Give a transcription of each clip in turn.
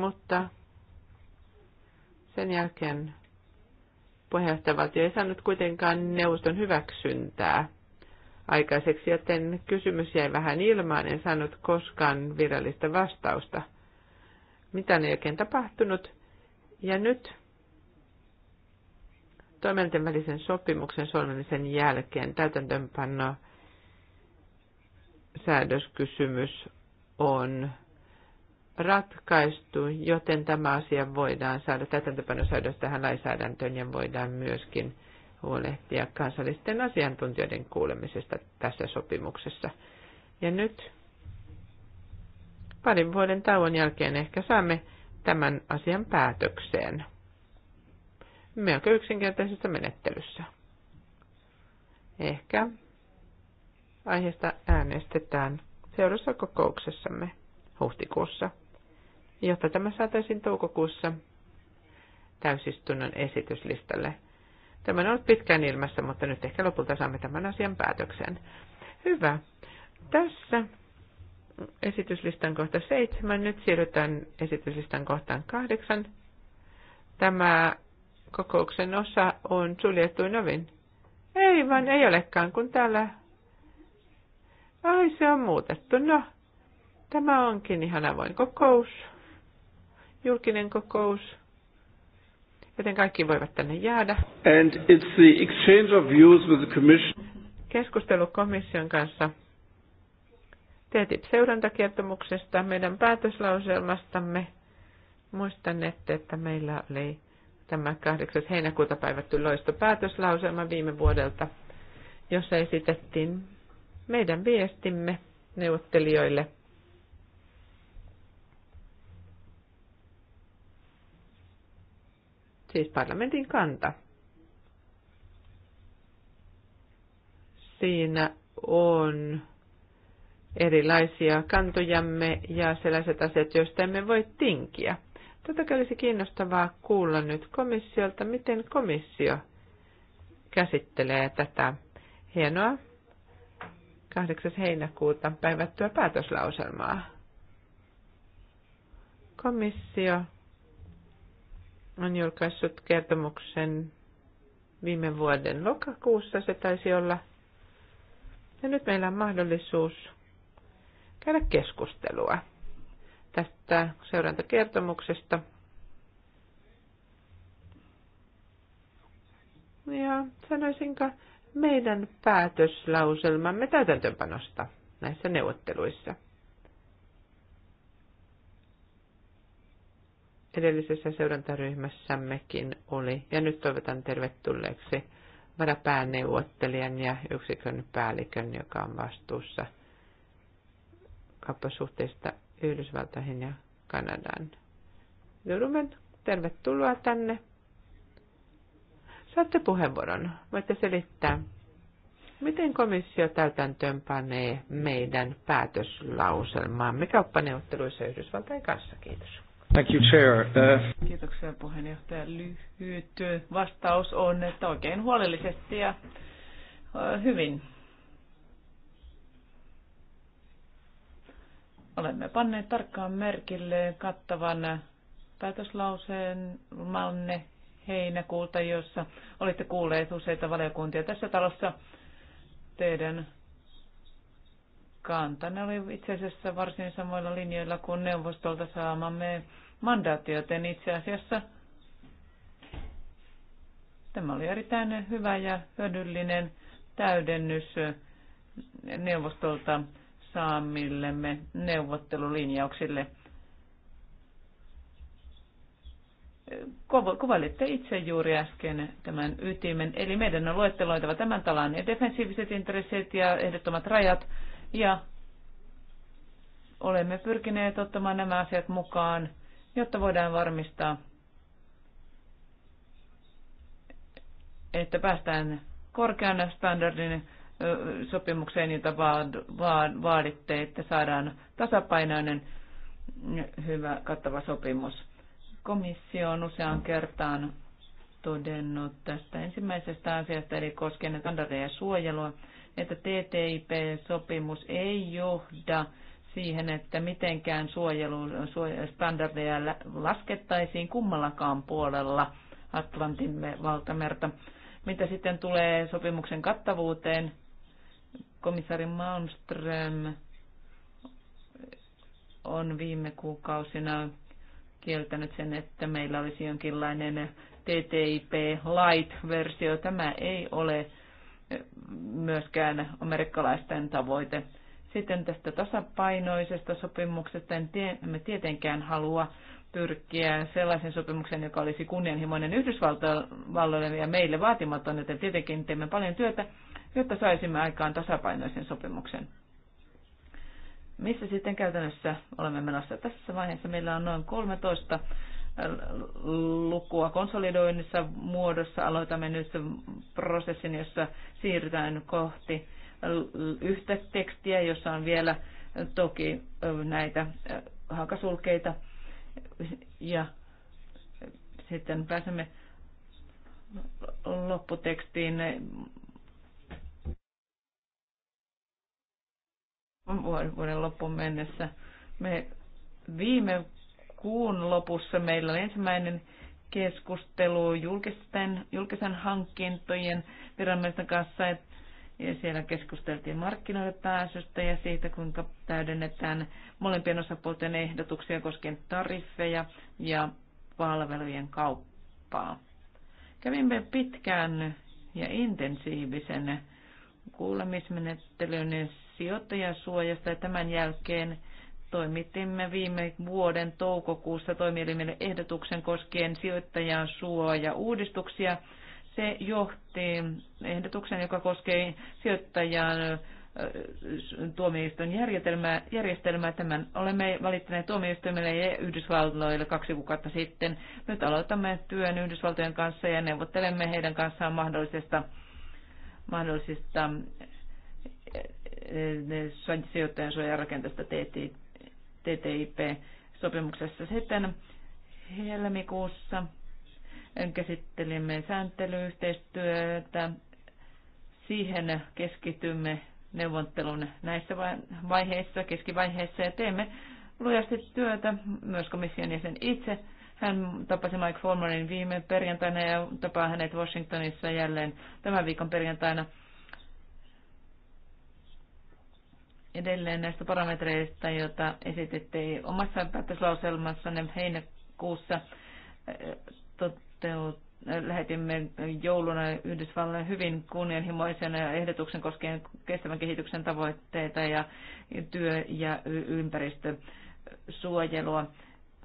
Mutta sen jälkeen puheenjohtajavaltio ei saanut kuitenkaan neuvoston hyväksyntää aikaiseksi, joten kysymys jäi vähän ilmaan, en saanut koskaan virallista vastausta. Mitä ne oikein tapahtunut? Ja nyt toimielten välisen sopimuksen solmimisen jälkeen täytäntöönpanno säädöskysymys on ratkaistu, joten tämä asia voidaan saada täytäntöpanosäädös tähän lainsäädäntöön ja voidaan myöskin huolehtia kansallisten asiantuntijoiden kuulemisesta tässä sopimuksessa. Ja nyt parin vuoden tauon jälkeen ehkä saamme tämän asian päätökseen melko yksinkertaisessa menettelyssä. Ehkä aiheesta äänestetään seuraavassa kokouksessamme huhtikuussa jotta tämä saataisiin toukokuussa täysistunnon esityslistalle. Tämä on ollut pitkään ilmassa, mutta nyt ehkä lopulta saamme tämän asian päätöksen. Hyvä. Tässä esityslistan kohta seitsemän. Nyt siirrytään esityslistan kohtaan kahdeksan. Tämä kokouksen osa on suljettuin ovin. Ei vaan ei olekaan, kun täällä... Ai, se on muutettu. No, tämä onkin ihan avoin kokous julkinen kokous, joten kaikki voivat tänne jäädä. And it's the exchange of views with the commission. Keskustelu komission kanssa TTIP-seurantakertomuksesta, meidän päätöslauselmastamme. Muistan, että, että meillä oli tämä 8. heinäkuuta päivätty päätöslauselma viime vuodelta, jossa esitettiin meidän viestimme neuvottelijoille – siis parlamentin kanta. Siinä on erilaisia kantojamme ja sellaiset asiat, joista emme voi tinkiä. Tätä olisi kiinnostavaa kuulla nyt komissiolta, miten komissio käsittelee tätä hienoa 8. heinäkuuta päivättyä päätöslauselmaa. Komissio on julkaissut kertomuksen viime vuoden lokakuussa, se taisi olla. Ja nyt meillä on mahdollisuus käydä keskustelua tästä seurantakertomuksesta. Ja sanoisinko meidän päätöslauselmamme täytäntöönpanosta näissä neuvotteluissa – edellisessä seurantaryhmässämmekin oli. Ja nyt toivotan tervetulleeksi varapääneuvottelijan ja yksikön päällikön, joka on vastuussa kauppasuhteista Yhdysvaltoihin ja Kanadaan. Ruben, tervetuloa tänne. Saatte puheenvuoron. Voitte selittää, miten komissio täytäntöön panee meidän on kauppaneuvotteluissa Yhdysvaltain kanssa. Kiitos. Thank you, Chair. Uh... Kiitoksia puheenjohtaja. Lyhyt vastaus on, että oikein huolellisesti ja uh, hyvin. Olemme panneet tarkkaan merkille kattavan päätöslauseen malne heinäkuulta, jossa olitte kuulleet useita valiokuntia tässä talossa. Teidän kantana oli itse asiassa varsin samoilla linjoilla kuin neuvostolta saamamme mandaatti, joten itse asiassa tämä oli erittäin hyvä ja hyödyllinen täydennys neuvostolta saamillemme neuvottelulinjauksille. kuvailitte itse juuri äsken tämän ytimen. Eli meidän on luetteloitava tämän talan defensiiviset intressit ja ehdottomat rajat ja olemme pyrkineet ottamaan nämä asiat mukaan, jotta voidaan varmistaa, että päästään korkean standardin sopimukseen, jota vaaditte, että saadaan tasapainoinen hyvä kattava sopimus. Komissio on useaan kertaan todennut tästä ensimmäisestä asiasta, eli koskien standardeja ja suojelua että TTIP-sopimus ei johda siihen, että mitenkään suojelustandardeja laskettaisiin kummallakaan puolella Atlantin valtamerta. Mitä sitten tulee sopimuksen kattavuuteen, komissaari Malmström on viime kuukausina kieltänyt sen, että meillä olisi jonkinlainen TTIP light-versio. Tämä ei ole myöskään amerikkalaisten tavoite. Sitten tästä tasapainoisesta sopimuksesta emme tietenkään halua pyrkiä sellaisen sopimuksen, joka olisi kunnianhimoinen Yhdysvalloille ja meille vaatimaton, joten tietenkin teemme paljon työtä, jotta saisimme aikaan tasapainoisen sopimuksen. Missä sitten käytännössä olemme menossa? Tässä vaiheessa meillä on noin 13 lukua konsolidoinnissa muodossa. Aloitamme nyt prosessin, jossa siirrytään kohti yhtä tekstiä, jossa on vielä toki näitä hakasulkeita. Ja sitten pääsemme lopputekstiin vuoden loppuun mennessä. Me viime kuun lopussa meillä on ensimmäinen keskustelu julkisten, julkisen hankintojen viranomaisten kanssa, et, ja siellä keskusteltiin markkinoille pääsystä ja siitä, kuinka täydennetään molempien osapuolten ehdotuksia koskien tariffeja ja palvelujen kauppaa. Kävimme pitkään ja intensiivisen kuulemismenettelyn sijoittajasuojasta ja tämän jälkeen – toimitimme viime vuoden toukokuussa toimielimelle ehdotuksen koskien sijoittajan suoja-uudistuksia. Se johti ehdotuksen, joka koskee sijoittajan tuomioistuin järjestelmää, järjestelmää. Tämän olemme valittaneet tuomioistuimelle ja Yhdysvalloille kaksi kuukautta sitten. Nyt aloitamme työn Yhdysvaltojen kanssa ja neuvottelemme heidän kanssaan mahdollisista mahdollisista sijoittajan suojarakenteesta TTIP TTIP-sopimuksessa. Sitten helmikuussa käsittelimme sääntelyyhteistyötä. Siihen keskitymme neuvottelun näissä vaiheissa, keskivaiheissa ja teemme lujasti työtä myös komission jäsen itse. Hän tapasi Mike Formanin viime perjantaina ja tapaa hänet Washingtonissa jälleen tämän viikon perjantaina. edelleen näistä parametreista, joita esitettiin omassa päätöslauselmassanne heinäkuussa. Toteut- lähetimme jouluna Yhdysvalloille hyvin kunnianhimoisen ehdotuksen koskien kestävän kehityksen tavoitteita ja työ- ja ympäristösuojelua.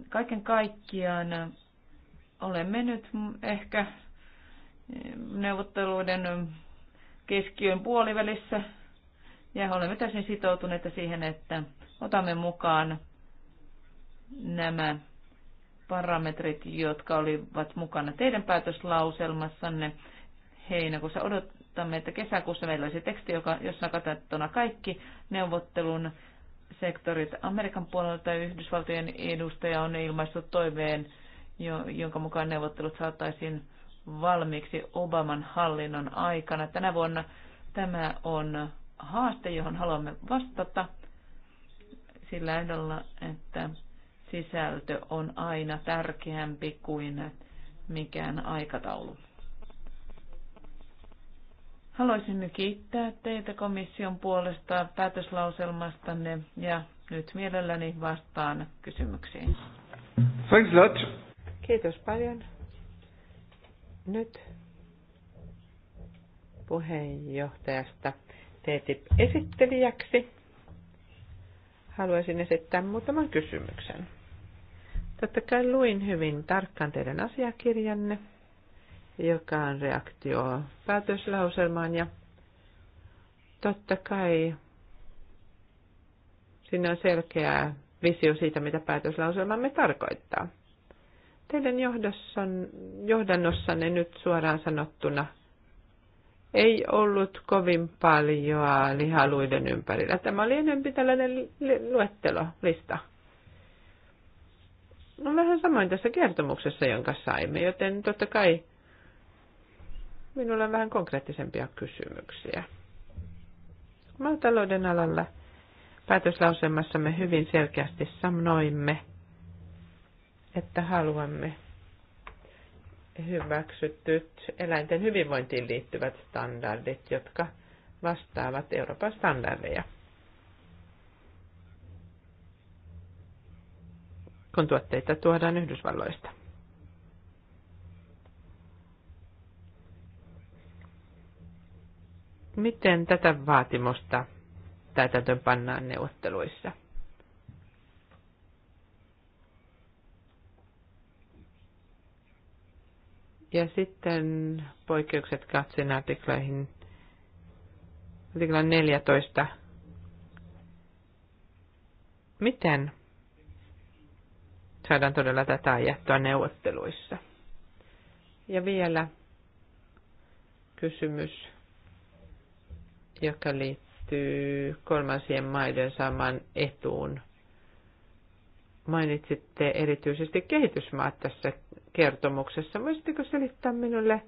Kaiken kaikkiaan olemme nyt ehkä neuvotteluiden keskiön puolivälissä ja olemme täysin sitoutuneita siihen, että otamme mukaan nämä parametrit, jotka olivat mukana teidän päätöslauselmassanne heinäkuussa. Odotamme, että kesäkuussa meillä olisi teksti, joka, jossa on kaikki neuvottelun sektorit. Amerikan puolelta Yhdysvaltojen edustaja on ilmaissut toiveen, jonka mukaan neuvottelut saataisiin valmiiksi Obaman hallinnon aikana. Tänä vuonna tämä on haaste, johon haluamme vastata sillä ehdolla, että sisältö on aina tärkeämpi kuin mikään aikataulu. Haluaisin kiittää teitä komission puolesta päätöslauselmastanne ja nyt mielelläni vastaan kysymyksiin. Thanks a lot. Kiitos paljon. Nyt puheenjohtajasta TTIP-esittelijäksi, haluaisin esittää muutaman kysymyksen. Totta kai luin hyvin tarkkaan teidän asiakirjanne, joka on reaktio päätöslauselmaan ja totta kai siinä on selkeä visio siitä, mitä päätöslauselmamme tarkoittaa. Teidän johdosson, johdannossanne nyt suoraan sanottuna – ei ollut kovin paljon lihaluiden ympärillä. Tämä oli enemmän tällainen luettelo, lista. On no, vähän samoin tässä kertomuksessa, jonka saimme, joten totta kai minulla on vähän konkreettisempia kysymyksiä. Maatalouden alalla päätöslausemassamme hyvin selkeästi sanoimme, että haluamme hyväksytyt eläinten hyvinvointiin liittyvät standardit, jotka vastaavat Euroopan standardeja. kun tuotteita tuodaan Yhdysvalloista. Miten tätä vaatimusta täytäntöön pannaan neuvotteluissa? Ja sitten poikkeukset katsin artikloihin, artiklan 14. Miten saadaan todella tätä ajattua neuvotteluissa? Ja vielä kysymys, joka liittyy kolmansien maiden saamaan etuun – Mainitsitte erityisesti kehitysmaat tässä kertomuksessa. Voisitteko selittää minulle,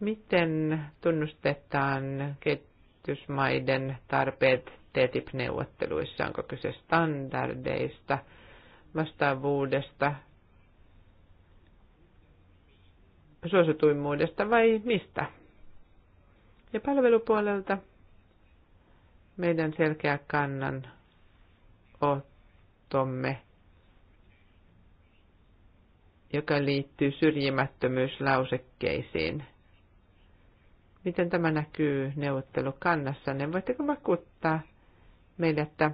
miten tunnustetaan kehitysmaiden tarpeet TTIP-neuvotteluissa? Onko kyse standardeista, vastaavuudesta, suosituimmuudesta vai mistä? Ja palvelupuolelta meidän selkeä kannan kannanottomme, joka liittyy syrjimättömyyslausekkeisiin. Miten tämä näkyy Ne Voitteko vakuuttaa meille, että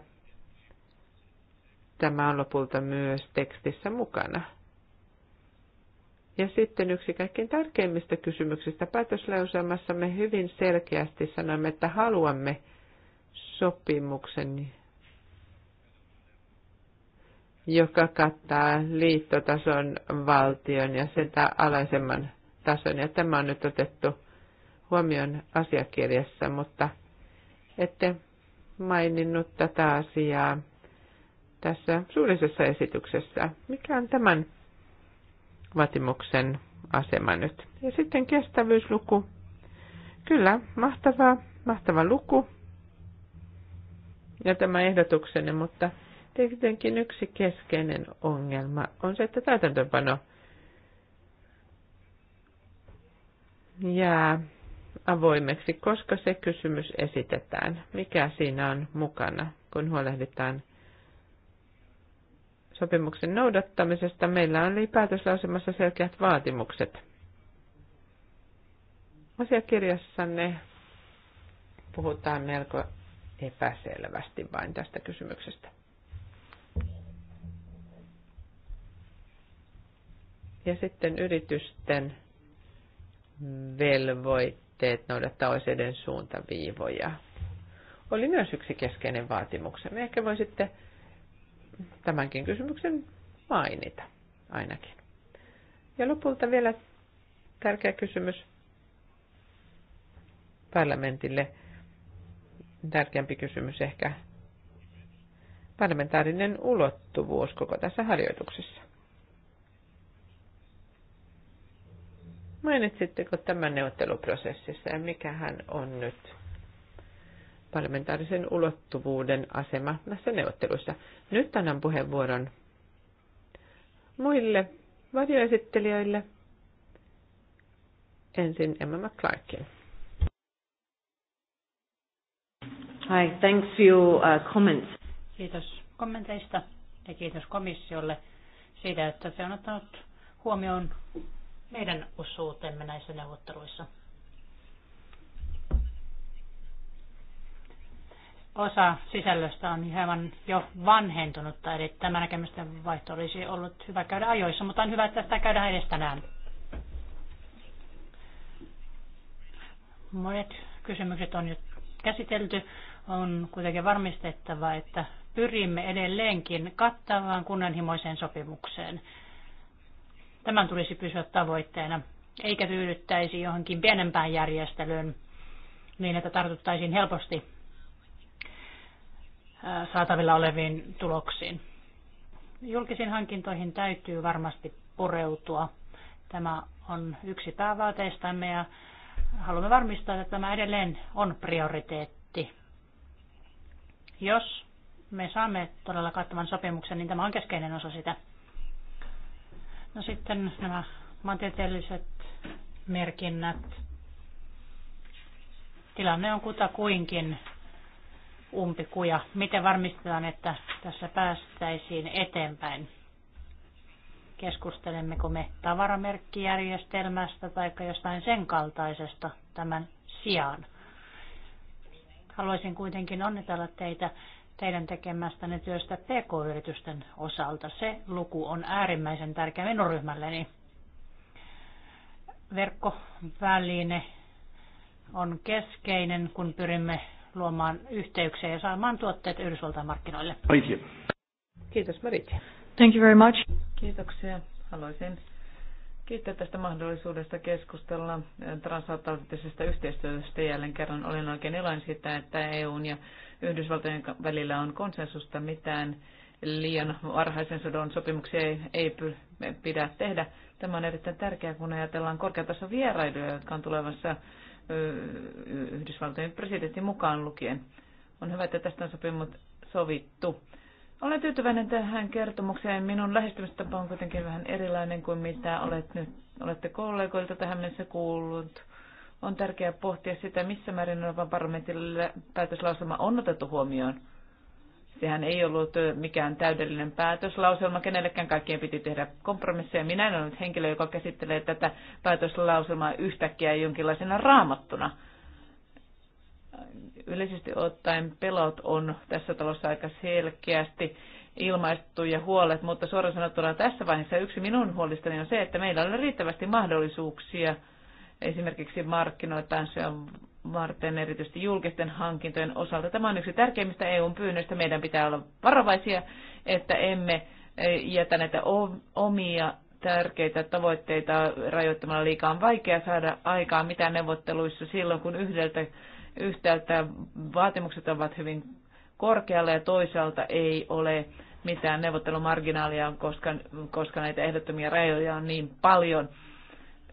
tämä on lopulta myös tekstissä mukana? Ja sitten yksi kaikkein tärkeimmistä kysymyksistä me hyvin selkeästi sanoimme, että haluamme sopimuksen, joka kattaa liittotason valtion ja sen alaisemman tason. Ja tämä on nyt otettu huomioon asiakirjassa, mutta ette maininnut tätä asiaa tässä suullisessa esityksessä. Mikä on tämän vaatimuksen asema nyt? Ja sitten kestävyysluku. Kyllä, mahtava, mahtava luku. Ja tämä ehdotuksenne, mutta Tietenkin yksi keskeinen ongelma on se, että täytäntöpano jää avoimeksi, koska se kysymys esitetään, mikä siinä on mukana, kun huolehditaan sopimuksen noudattamisesta. Meillä on päätöslausemassa selkeät vaatimukset. ne puhutaan melko epäselvästi vain tästä kysymyksestä. Ja sitten yritysten velvoitteet noudattaa OECDn suuntaviivoja. Oli myös yksi keskeinen vaatimuksemme. Ehkä voisitte tämänkin kysymyksen mainita ainakin. Ja lopulta vielä tärkeä kysymys parlamentille. Tärkeämpi kysymys ehkä parlamentaarinen ulottuvuus koko tässä harjoituksessa. Mainitsitteko tämän neuvotteluprosessissa ja hän on nyt parlamentaarisen ulottuvuuden asema näissä neuvotteluissa? Nyt annan puheenvuoron muille varjoesittelijöille. Ensin Emma McClarkin. Hi, thanks for your uh, comments. Kiitos kommenteista ja kiitos komissiolle siitä, että se on ottanut huomioon meidän osuutemme näissä neuvotteluissa? Osa sisällöstä on hieman jo vanhentunutta, eli tämä näkemysten vaihto olisi ollut hyvä käydä ajoissa, mutta on hyvä, että sitä käydään edes tänään. Monet kysymykset on jo käsitelty. On kuitenkin varmistettava, että pyrimme edelleenkin kattavaan kunnanhimoiseen sopimukseen. Tämän tulisi pysyä tavoitteena, eikä tyydyttäisi johonkin pienempään järjestelyyn niin, että tartuttaisiin helposti saatavilla oleviin tuloksiin. Julkisiin hankintoihin täytyy varmasti pureutua. Tämä on yksi päävaateistamme ja haluamme varmistaa, että tämä edelleen on prioriteetti. Jos me saamme todella kattavan sopimuksen, niin tämä on keskeinen osa sitä. No sitten nämä maantieteelliset merkinnät. Tilanne on kutakuinkin umpikuja. Miten varmistetaan, että tässä päästäisiin eteenpäin? Keskustelemmeko me tavaramerkkijärjestelmästä tai jostain sen kaltaisesta tämän sijaan? Haluaisin kuitenkin onnitella teitä teidän tekemästänne työstä PK-yritysten osalta. Se luku on äärimmäisen tärkeä minun ryhmälleni. Verkkoväline on keskeinen, kun pyrimme luomaan yhteyksiä ja saamaan tuotteet Yhdysvaltain markkinoille. Maritje. Kiitos Maritje. Thank you very much. Kiitoksia. Haluaisin kiittää tästä mahdollisuudesta keskustella transatlanttisesta yhteistyöstä jälleen kerran. Olen oikein iloinen siitä, että EUn ja Yhdysvaltojen välillä on konsensusta, mitään liian varhaisen sodan sopimuksia ei, ei pidä tehdä. Tämä on erittäin tärkeää, kun ajatellaan korkeatason vierailuja, jotka on tulevassa Yhdysvaltojen presidentin mukaan lukien. On hyvä, että tästä on sopimut sovittu. Olen tyytyväinen tähän kertomukseen. Minun lähestymistapa on kuitenkin vähän erilainen kuin mitä olet nyt, olette kollegoilta tähän mennessä kuullut on tärkeää pohtia sitä, missä määrin Euroopan parlamentille päätöslauselma on otettu huomioon. Sehän ei ollut mikään täydellinen päätöslauselma. Kenellekään kaikkien piti tehdä kompromisseja. Minä en ole nyt henkilö, joka käsittelee tätä päätöslauselmaa yhtäkkiä jonkinlaisena raamattuna. Yleisesti ottaen pelot on tässä talossa aika selkeästi ilmaistu ja huolet, mutta suoraan sanottuna tässä vaiheessa yksi minun huolistani on se, että meillä on riittävästi mahdollisuuksia – esimerkiksi on varten erityisesti julkisten hankintojen osalta. Tämä on yksi tärkeimmistä EUn pyynnöistä. Meidän pitää olla varovaisia, että emme eh, jätä näitä omia tärkeitä tavoitteita rajoittamalla liikaa. On vaikea saada aikaa mitään neuvotteluissa silloin, kun yhdeltä, yhtäältä vaatimukset ovat hyvin korkealla ja toisaalta ei ole mitään neuvottelumarginaalia, koska, koska näitä ehdottomia rajoja on niin paljon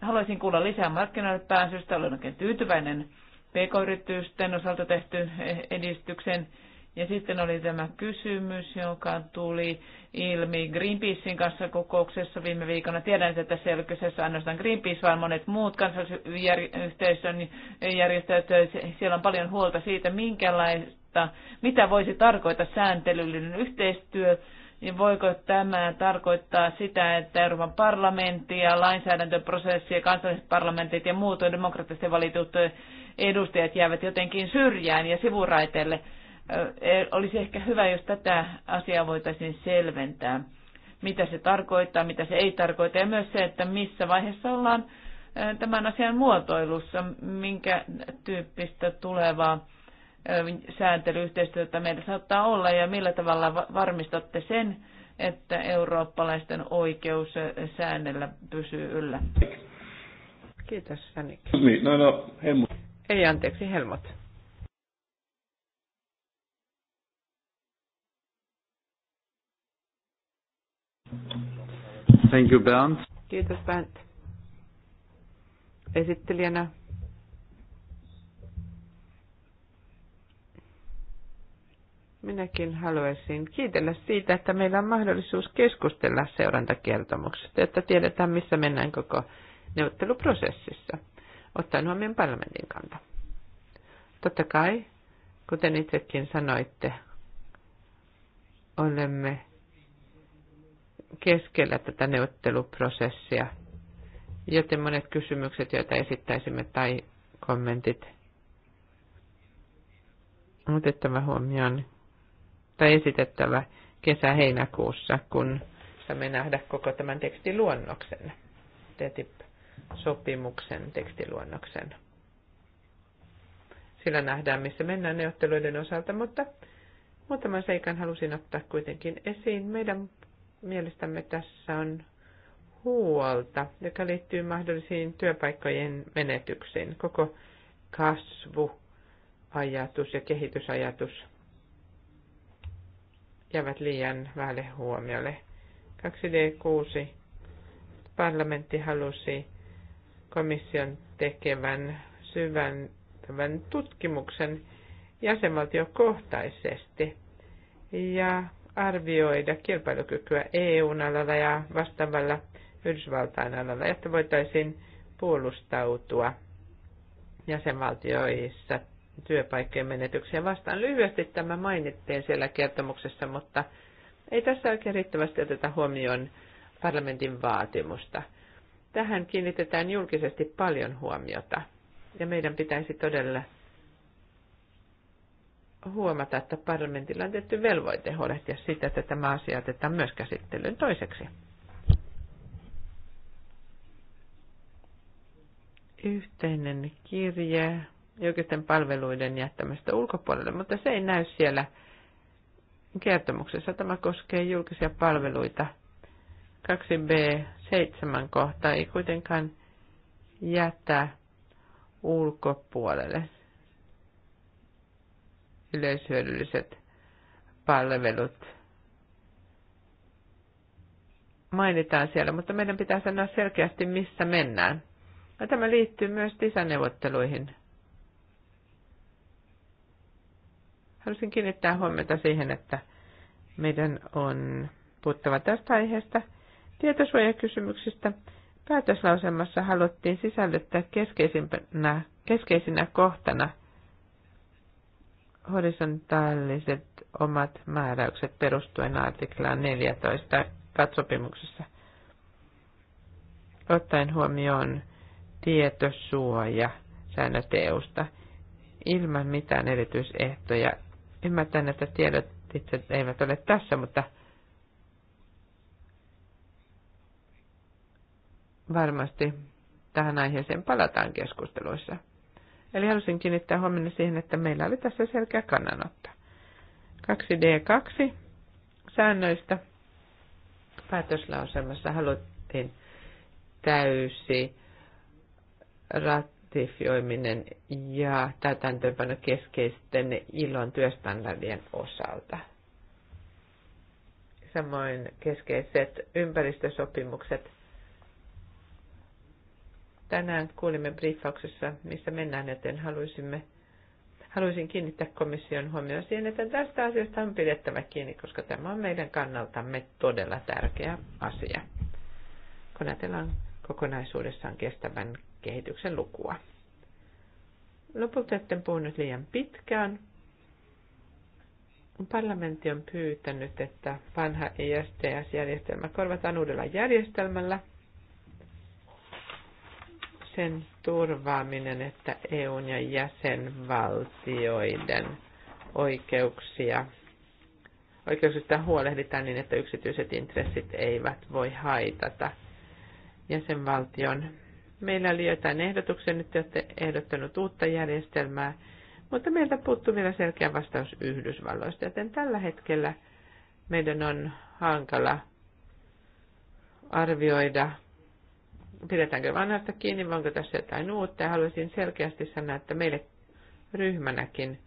Haluaisin kuulla lisää markkinoille pääsystä. Olen oikein tyytyväinen pk-yritysten osalta tehty edistyksen. Ja sitten oli tämä kysymys, joka tuli ilmi Greenpeacein kanssa kokouksessa viime viikolla. Tiedän, että tässä ei ole kyseessä ainoastaan Greenpeace, vaan monet muut kansallisyhteisön järjestöt. Siellä on paljon huolta siitä, minkälaista, mitä voisi tarkoita sääntelyllinen yhteistyö niin voiko tämä tarkoittaa sitä, että Euroopan parlamentti ja lainsäädäntöprosessi ja kansalliset parlamentit ja muut demokraattisesti valitut edustajat jäävät jotenkin syrjään ja sivuraiteelle? E, olisi ehkä hyvä, jos tätä asiaa voitaisiin selventää, mitä se tarkoittaa, mitä se ei tarkoita ja myös se, että missä vaiheessa ollaan tämän asian muotoilussa, minkä tyyppistä tulevaa sääntelyyhteistyötä meillä saattaa olla ja millä tavalla varmistatte sen, että eurooppalaisten oikeus säännellä pysyy yllä? Kiitos, Janik. Niin, no, no, Helmut. Ei, anteeksi, Helmut. Thank you, Bernd. Kiitos, Bernd. Esittelijänä Minäkin haluaisin kiitellä siitä, että meillä on mahdollisuus keskustella seurantakertomuksesta, että tiedetään, missä mennään koko neuvotteluprosessissa, ottaen huomioon parlamentin kanta. Totta kai, kuten itsekin sanoitte, olemme keskellä tätä neuvotteluprosessia, joten monet kysymykset, joita esittäisimme tai kommentit, otettava huomioon tai esitettävä kesä-heinäkuussa, kun saamme nähdä koko tämän tekstiluonnoksen, TTIP-sopimuksen tekstiluonnoksen. Sillä nähdään, missä mennään neuvotteluiden osalta, mutta muutaman seikan halusin ottaa kuitenkin esiin. Meidän mielestämme tässä on huolta, joka liittyy mahdollisiin työpaikkojen menetyksiin. Koko kasvu, ajatus ja kehitysajatus jäävät liian vähälle huomiolle. 2D6 parlamentti halusi komission tekevän syvän tutkimuksen jäsenvaltiokohtaisesti ja arvioida kilpailukykyä EU-alalla ja vastaavalla Yhdysvaltain alalla, että voitaisiin puolustautua jäsenvaltioissa työpaikkojen menetyksiä vastaan. Lyhyesti tämä mainittiin siellä kertomuksessa, mutta ei tässä oikein riittävästi oteta huomioon parlamentin vaatimusta. Tähän kiinnitetään julkisesti paljon huomiota ja meidän pitäisi todella huomata, että parlamentilla on tietty velvoite huolehtia sitä että tämä asia otetaan myös käsittelyyn toiseksi. Yhteinen kirje julkisten palveluiden jättämistä ulkopuolelle, mutta se ei näy siellä kertomuksessa. Tämä koskee julkisia palveluita. 2b7 kohta ei kuitenkaan jättää ulkopuolelle yleishyödylliset palvelut mainitaan siellä, mutta meidän pitää sanoa selkeästi, missä mennään. Ja tämä liittyy myös lisäneuvotteluihin Haluaisin kiinnittää huomiota siihen, että meidän on puuttava tästä aiheesta tietosuojakysymyksistä. Päätöslauselmassa haluttiin sisällyttää keskeisimpänä, keskeisinä kohtana horisontaaliset omat määräykset perustuen artiklaan 14 katsopimuksessa, ottaen huomioon tietosuoja säännöt EUsta ilman mitään erityisehtoja Ymmärtän, että tiedot itse eivät ole tässä, mutta varmasti tähän aiheeseen palataan keskusteluissa. Eli halusin kiinnittää huomenna siihen, että meillä oli tässä selkeä kannanotto. 2D2 säännöistä päätöslauselmassa haluttiin täysi rat, ratifioiminen ja täytäntöönpano keskeisten ilon työstandardien osalta. Samoin keskeiset ympäristösopimukset. Tänään kuulimme briefauksessa, missä mennään, joten haluaisimme, haluaisin kiinnittää komission huomioon siihen, että tästä asiasta on pidettävä kiinni, koska tämä on meidän kannaltamme todella tärkeä asia. Kun ajatellaan kokonaisuudessaan kestävän kehityksen lukua. Lopulta etten puhunut liian pitkään. Parlamentti on pyytänyt, että vanha ISTS-järjestelmä korvataan uudella järjestelmällä. Sen turvaaminen, että EUn ja jäsenvaltioiden oikeuksia oikeuksista huolehditaan niin, että yksityiset intressit eivät voi haitata – jäsenvaltion. Meillä oli jotain ehdotuksia, nyt te olette ehdottanut uutta järjestelmää, mutta meiltä puuttuu vielä selkeä vastaus Yhdysvalloista, joten tällä hetkellä meidän on hankala arvioida, pidetäänkö vanhasta kiinni, vai onko tässä jotain uutta. Ja haluaisin selkeästi sanoa, että meille ryhmänäkin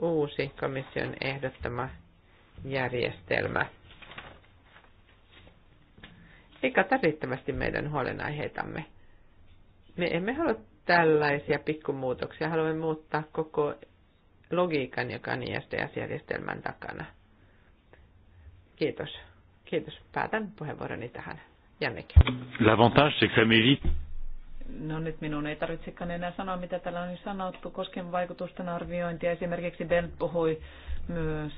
uusi komission ehdottama järjestelmä – ei kata riittävästi meidän huolenaiheitamme. Me emme halua tällaisia pikkumuutoksia, haluamme muuttaa koko logiikan, joka on ISDS-järjestelmän takana. Kiitos. Kiitos. Päätän puheenvuoroni tähän. Jannik. L'avantage, c'est que No nyt minun ei tarvitsekaan enää sanoa, mitä täällä on sanottu. Kosken vaikutusten arviointia esimerkiksi Ben puhui myös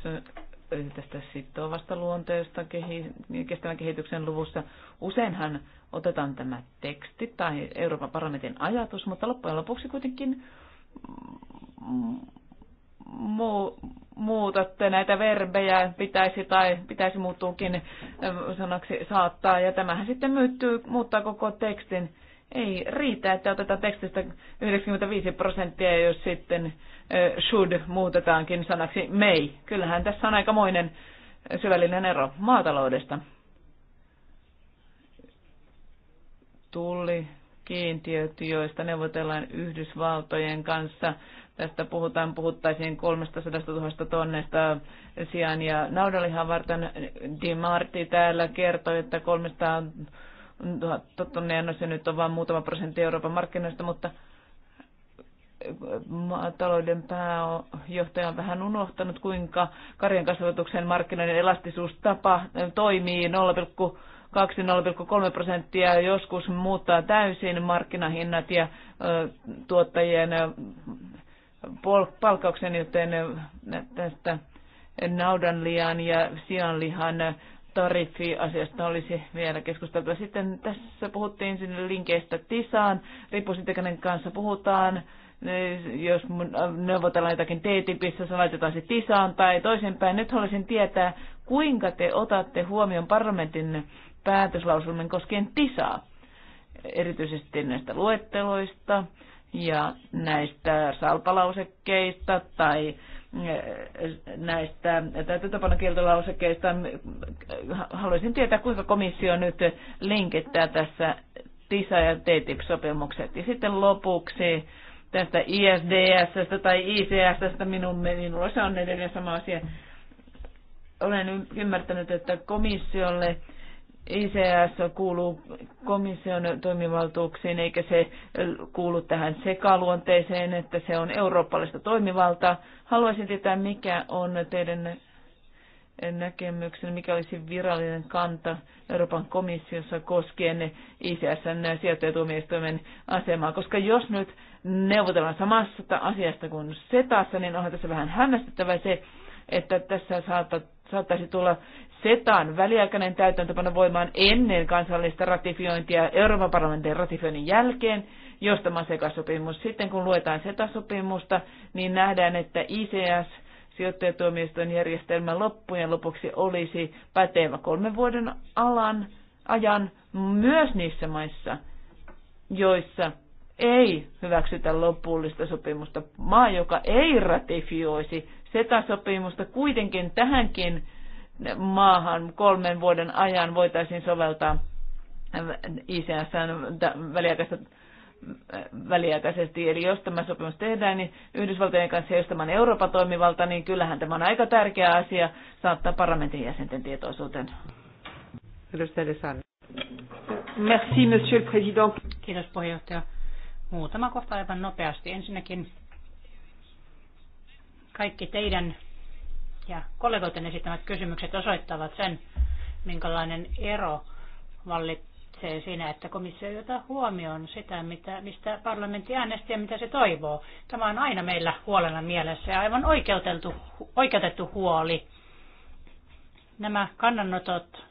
tästä sitovasta luonteesta kestävän kehityksen luvussa. Useinhan otetaan tämä teksti tai Euroopan parlamentin ajatus, mutta loppujen lopuksi kuitenkin mu- muutatte näitä verbejä, pitäisi tai pitäisi muuttuukin äh, sanaksi saattaa, ja tämähän sitten myyttyy, muuttaa koko tekstin ei riitä, että otetaan tekstistä 95 prosenttia, jos sitten should muutetaankin sanaksi may. Kyllähän tässä on aikamoinen syvällinen ero maataloudesta. Tulli kiintiöt, joista neuvotellaan Yhdysvaltojen kanssa. Tästä puhutaan, puhuttaisiin 300 000 tonnesta sijaan ja naudalihan varten Marti täällä kertoi, että 300 tonniannos niin se nyt on vain muutama prosentti Euroopan markkinoista, mutta äh, talouden pääjohtaja on vähän unohtanut, kuinka karjan kasvatuksen markkinoiden elastisuus toimii 0,2-0,3 prosenttia, joskus muuttaa täysin markkinahinnat ja äh, tuottajien äh, palkkauksen, joten tästä naudanlihan ja sianlihan tariffiasiasta olisi vielä keskusteltava. Sitten tässä puhuttiin sinne linkeistä TISAan. Riippusintekäinen kanssa puhutaan. Jos neuvotellaan jotakin TTIPissä, se laitetaan se TISAan tai toisinpäin. Nyt haluaisin tietää, kuinka te otatte huomioon parlamentin päätöslauselman koskien TISAa, erityisesti näistä luetteloista ja näistä salpalausekkeista tai näistä täytäntöpanokieltolausekkeista. Haluaisin tietää, kuinka komissio nyt linkittää tässä TISA- ja TTIP-sopimukset. Ja sitten lopuksi tästä ISDS tai ICS, minun, minulla se on edelleen sama asia. Olen ymmärtänyt, että komissiolle ICS kuuluu komission toimivaltuuksiin, eikä se kuulu tähän sekaluonteeseen, että se on eurooppalaista toimivaltaa. Haluaisin tietää, mikä on teidän näkemyksenne, mikä olisi virallinen kanta Euroopan komissiossa koskien ICSn sijoittajatuomioistuimen asemaa, koska jos nyt neuvotellaan samasta asiasta kuin SETAssa, niin onhan tässä vähän hämmästyttävä se, että tässä saattaisi tulla SETAn väliaikainen täytäntöpano voimaan ennen kansallista ratifiointia Euroopan parlamentin ratifioinnin jälkeen, jos tämä sekasopimus. Sitten kun luetaan SETA-sopimusta, niin nähdään, että ICS sijoittajatuomioistuin järjestelmä loppujen lopuksi olisi pätevä kolmen vuoden alan ajan myös niissä maissa, joissa ei hyväksytä lopullista sopimusta. Maa, joka ei ratifioisi SETA-sopimusta kuitenkin tähänkin maahan kolmen vuoden ajan voitaisiin soveltaa ICSn väliaikaista väliaikaisesti. Eli jos tämä sopimus tehdään, niin Yhdysvaltojen kanssa, jos tämä on Euroopan toimivalta, niin kyllähän tämä on aika tärkeä asia saattaa parlamentin jäsenten tietoisuuteen. Merci, monsieur le président. Kiitos puheenjohtaja. Muutama kohta aivan nopeasti. Ensinnäkin kaikki teidän ja kollegoiden esittämät kysymykset osoittavat sen, minkälainen ero vallitsee siinä, että komissio ei ota huomioon sitä, mitä, mistä parlamentti äänesti ja mitä se toivoo. Tämä on aina meillä huolena mielessä ja aivan oikeutettu huoli. Nämä kannanotot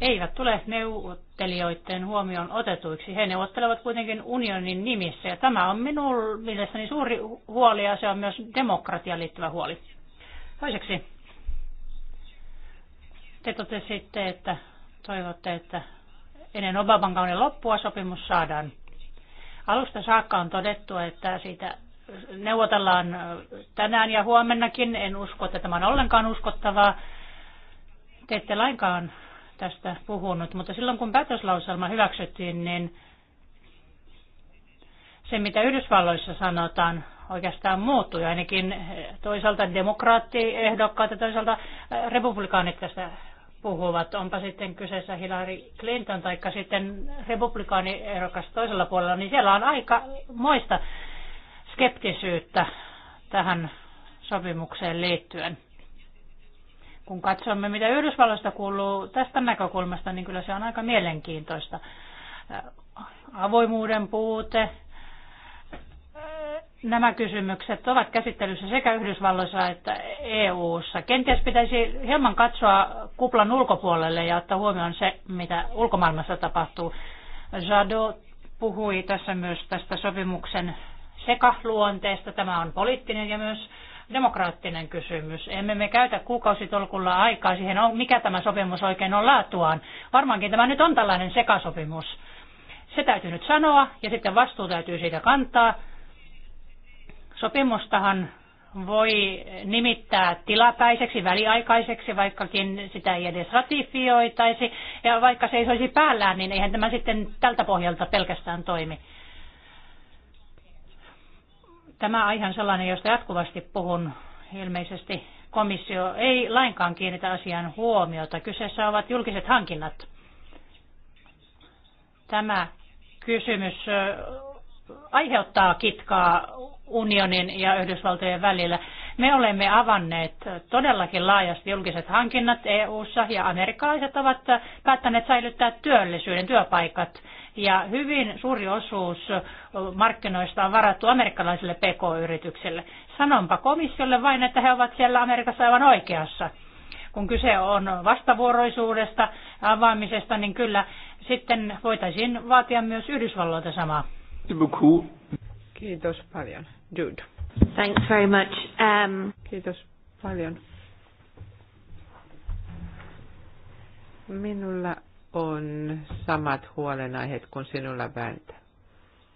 eivät tule neuvottelijoiden huomioon otetuiksi. He neuvottelevat kuitenkin unionin nimissä ja tämä on minun mielestäni suuri huoli ja se on myös demokratiaan liittyvä huoli. Toiseksi te totesitte, että toivotte, että ennen Obaman kauden loppua sopimus saadaan. Alusta saakka on todettu, että siitä neuvotellaan tänään ja huomennakin. En usko, että tämä on ollenkaan uskottavaa. Te ette lainkaan tästä puhunut, mutta silloin kun päätöslauselma hyväksyttiin, niin se, mitä Yhdysvalloissa sanotaan, oikeastaan muuttui. Ainakin toisaalta demokraattiehdokkaat ja toisaalta äh, republikaanit tästä puhuvat. Onpa sitten kyseessä Hillary Clinton tai sitten republikaaniehdokas toisella puolella, niin siellä on aika moista skeptisyyttä tähän sopimukseen liittyen kun katsomme, mitä Yhdysvalloista kuuluu tästä näkökulmasta, niin kyllä se on aika mielenkiintoista. Avoimuuden puute, nämä kysymykset ovat käsittelyssä sekä Yhdysvalloissa että EU:ssa. Kenties pitäisi hieman katsoa kuplan ulkopuolelle ja ottaa huomioon se, mitä ulkomaailmassa tapahtuu. Jado puhui tässä myös tästä sopimuksen sekaluonteesta. Tämä on poliittinen ja myös demokraattinen kysymys. Emme me käytä kuukausitolkulla aikaa siihen, mikä tämä sopimus oikein on laatuaan. Varmaankin tämä nyt on tällainen sekasopimus. Se täytyy nyt sanoa ja sitten vastuu täytyy siitä kantaa. Sopimustahan voi nimittää tilapäiseksi, väliaikaiseksi, vaikkakin sitä ei edes ratifioitaisi. Ja vaikka se ei olisi päällään, niin eihän tämä sitten tältä pohjalta pelkästään toimi. Tämä aihe on sellainen, josta jatkuvasti puhun. Ilmeisesti komissio ei lainkaan kiinnitä asian huomiota. Kyseessä ovat julkiset hankinnat. Tämä kysymys aiheuttaa kitkaa unionin ja Yhdysvaltojen välillä. Me olemme avanneet todellakin laajasti julkiset hankinnat EU-ssa ja amerikkalaiset ovat päättäneet säilyttää työllisyyden työpaikat. Ja hyvin suuri osuus markkinoista on varattu amerikkalaisille PK-yrityksille. Sanonpa komissiolle vain, että he ovat siellä Amerikassa aivan oikeassa. Kun kyse on vastavuoroisuudesta, avaamisesta, niin kyllä sitten voitaisiin vaatia myös Yhdysvalloilta samaa. Kiitos paljon. Jude. Thanks very much. Um... Kiitos paljon. Minulla on samat huolenaiheet kuin sinulla Bernd.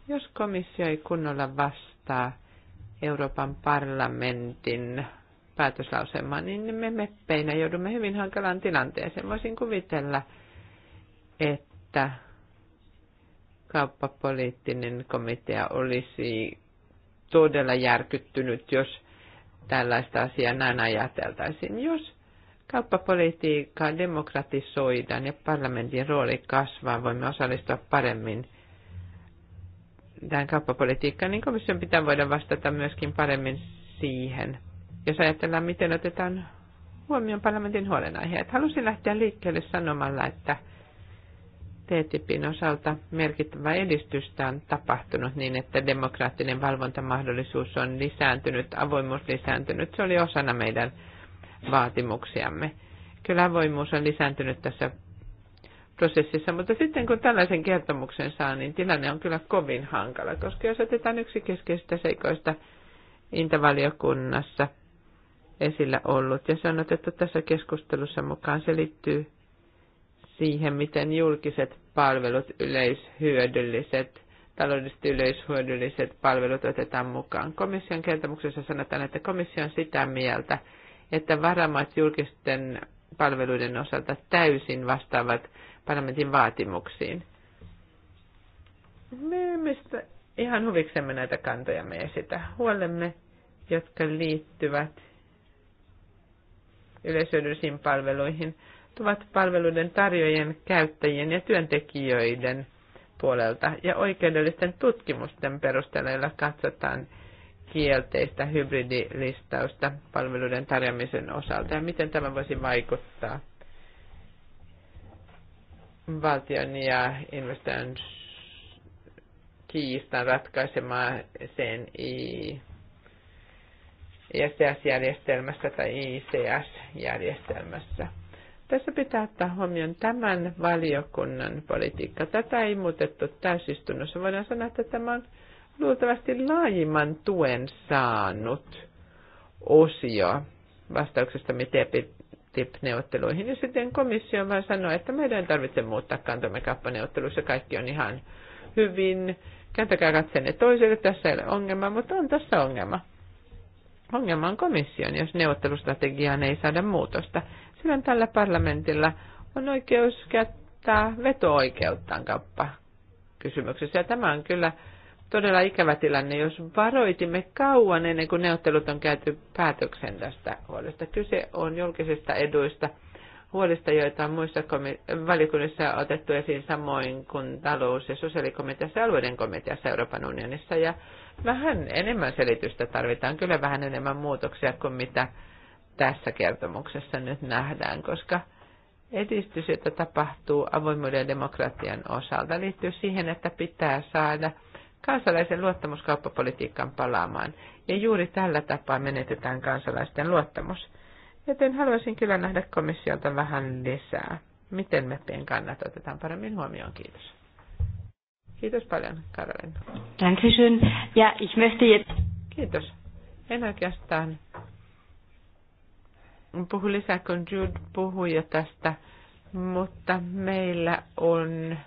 Jos komissio ei kunnolla vastaa Euroopan parlamentin päätöslauselmaan, niin me meppeinä joudumme hyvin hankalaan tilanteeseen. Voisin kuvitella, että kauppapoliittinen komitea olisi todella järkyttynyt, jos tällaista asiaa näin ajateltaisiin. Jos kauppapolitiikkaa demokratisoidaan ja parlamentin rooli kasvaa, voimme osallistua paremmin tähän kauppapolitiikkaan, niin komission pitää voida vastata myöskin paremmin siihen. Jos ajatellaan, miten otetaan huomioon parlamentin huolenaiheet. Halusin lähteä liikkeelle sanomalla, että – TTIPin osalta merkittävä edistystä on tapahtunut niin, että demokraattinen valvontamahdollisuus on lisääntynyt, avoimuus lisääntynyt. Se oli osana meidän vaatimuksiamme. Kyllä avoimuus on lisääntynyt tässä prosessissa, mutta sitten kun tällaisen kertomuksen saa, niin tilanne on kyllä kovin hankala, koska jos otetaan yksi keskeisistä seikoista intavaliokunnassa esillä ollut, ja se on otettu tässä keskustelussa mukaan, se liittyy siihen, miten julkiset palvelut, yleishyödylliset, taloudelliset yleishyödylliset palvelut otetaan mukaan. Komission kertomuksessa sanotaan, että komissio on sitä mieltä, että varamat julkisten palveluiden osalta täysin vastaavat parlamentin vaatimuksiin. Me mistä ihan huviksemme näitä kantoja me esitä. Huolemme, jotka liittyvät yleishyödyllisiin palveluihin, ovat palveluiden tarjoajien, käyttäjien ja työntekijöiden puolelta ja oikeudellisten tutkimusten perusteella katsotaan kielteistä hybridilistausta palveluiden tarjoamisen osalta ja miten tämä voisi vaikuttaa valtion ja investoinnin kiistan ratkaisemaan sen ics järjestelmässä tai ICS-järjestelmässä tässä pitää ottaa huomioon tämän valiokunnan politiikka. Tätä ei muutettu täysistunnossa. Voidaan sanoa, että tämä on luultavasti laajimman tuen saanut osio vastauksesta, miten TIP-neuvotteluihin. Ja sitten komissio vaan sanoi, että meidän tarvitse muuttaa kantamme kappaneuvotteluissa. Kaikki on ihan hyvin. Kääntäkää katsenne toiselle, tässä ei ole ongelma, mutta on tässä ongelma. Ongelma on komission, jos neuvottelustrategiaan ei saada muutosta. Sillä tällä parlamentilla on oikeus käyttää veto-oikeuttaan kappa kysymyksessä. Ja tämä on kyllä todella ikävä tilanne, jos varoitimme kauan ennen kuin neuvottelut on käyty päätöksen tästä huolesta. Kyse on julkisista eduista, huolista, joita on muissa valiokunnissa otettu esiin samoin kuin talous- ja sosiaalikomiteassa ja alueiden komiteassa Euroopan unionissa. Ja vähän enemmän selitystä tarvitaan, kyllä vähän enemmän muutoksia kuin mitä tässä kertomuksessa nyt nähdään, koska edistys, jota tapahtuu avoimuuden ja demokratian osalta, liittyy siihen, että pitää saada kansalaisen luottamuskauppapolitiikan palaamaan. Ja juuri tällä tapaa menetetään kansalaisten luottamus. Joten haluaisin kyllä nähdä komissiolta vähän lisää. Miten meppien kannat otetaan paremmin huomioon? Kiitos. Kiitos paljon, Karolin. schön. Ja, ich möchte jetzt... Kiitos. En oikeastaan puhu lisää, kun Jude puhui jo tästä, mutta meillä on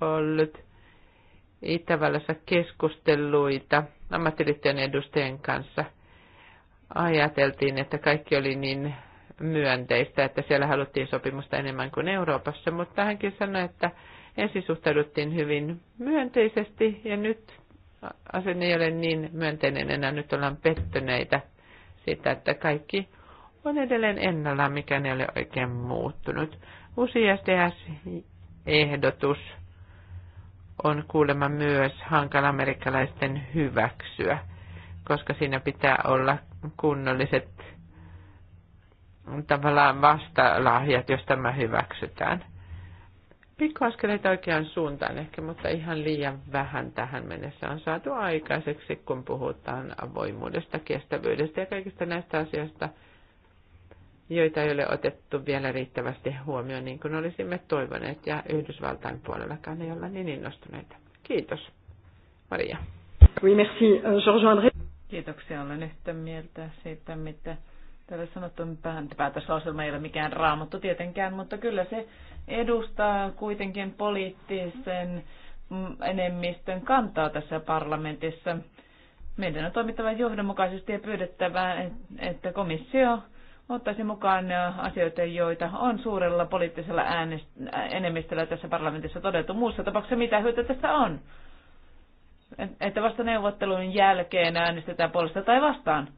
ollut Itävallassa keskusteluita ammattiliittojen edustajien kanssa. Ajateltiin, että kaikki oli niin myönteistä, että siellä haluttiin sopimusta enemmän kuin Euroopassa, mutta hänkin sanoi, että ensin suhtauduttiin hyvin myönteisesti ja nyt asenne ei ole niin myönteinen enää, nyt ollaan pettyneitä siitä, että kaikki on edelleen ennalla, mikä ne ole oikein muuttunut. Uusi STS-ehdotus on kuulemma myös hankala amerikkalaisten hyväksyä, koska siinä pitää olla kunnolliset tavallaan vastalahjat, jos tämä hyväksytään. Pikkuaskeleita oikeaan suuntaan ehkä, mutta ihan liian vähän tähän mennessä on saatu aikaiseksi, kun puhutaan avoimuudesta, kestävyydestä ja kaikista näistä asioista – joita ei ole otettu vielä riittävästi huomioon niin kuin olisimme toivoneet ja Yhdysvaltain puolellakaan ei olla niin innostuneita. Kiitos. Maria. Oui, merci. Euh, Kiitoksia. Olen yhtä mieltä siitä, mitä täällä sanottu. Päätöslauselma ei ole mikään raamattu tietenkään, mutta kyllä se edustaa kuitenkin poliittisen mm, enemmistön kantaa tässä parlamentissa. Meidän on toimittava johdonmukaisesti ja pyydettävä, että komissio ottaisi mukaan äh, asioita, joita on suurella poliittisella äänest- enemmistöllä tässä parlamentissa todettu. Muussa tapauksessa mitä hyötyä tässä on? Että vasta neuvottelun jälkeen äänestetään puolesta tai vastaan.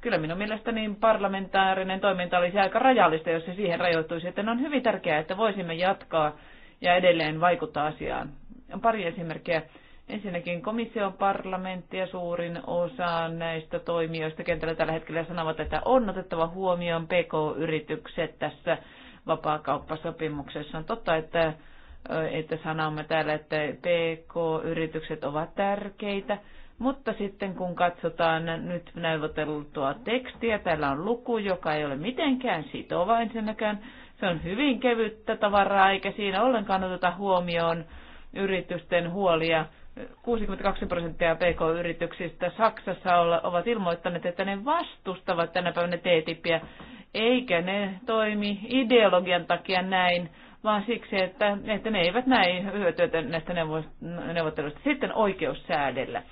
Kyllä minun mielestäni parlamentaarinen toiminta olisi aika rajallista, jos se siihen rajoittuisi. Että on hyvin tärkeää, että voisimme jatkaa ja edelleen vaikuttaa asiaan. On pari esimerkkiä Ensinnäkin komission parlamentti ja suurin osa näistä toimijoista kentällä tällä hetkellä sanovat, että on otettava huomioon PK-yritykset tässä vapaakauppasopimuksessa. On totta, että, että sanomme täällä, että PK-yritykset ovat tärkeitä, mutta sitten kun katsotaan nyt neuvoteltua tekstiä, täällä on luku, joka ei ole mitenkään sitova ensinnäkään. Se on hyvin kevyttä tavaraa, eikä siinä ollenkaan oteta huomioon yritysten huolia 62 prosenttia PK-yrityksistä Saksassa ovat ilmoittaneet, että ne vastustavat tänä päivänä TTIPiä, eikä ne toimi ideologian takia näin, vaan siksi, että, että ne eivät näin hyötyä näistä neuvotteluista. Sitten oikeus säädellä.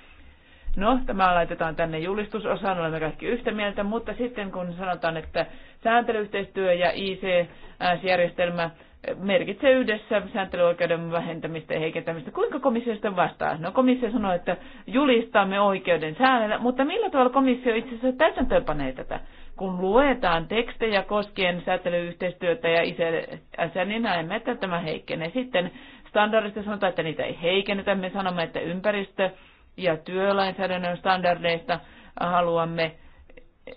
No, tämä laitetaan tänne julistusosaan, olemme kaikki yhtä mieltä, mutta sitten kun sanotaan, että sääntelyyhteistyö ja ICS-järjestelmä merkitsee yhdessä sääntelyoikeuden vähentämistä ja heikentämistä. Kuinka komissio sitten vastaa? No komissio sanoo, että julistamme oikeuden säännellä, mutta millä tavalla komissio itse asiassa täytäntöönpanee tätä? Kun luetaan tekstejä koskien säätelyyhteistyötä ja ICS, niin näemme, että tämä heikkenee. Sitten standardista sanotaan, että niitä ei heikennetä. Me sanomme, että ympäristö- ja työlainsäädännön standardeista haluamme,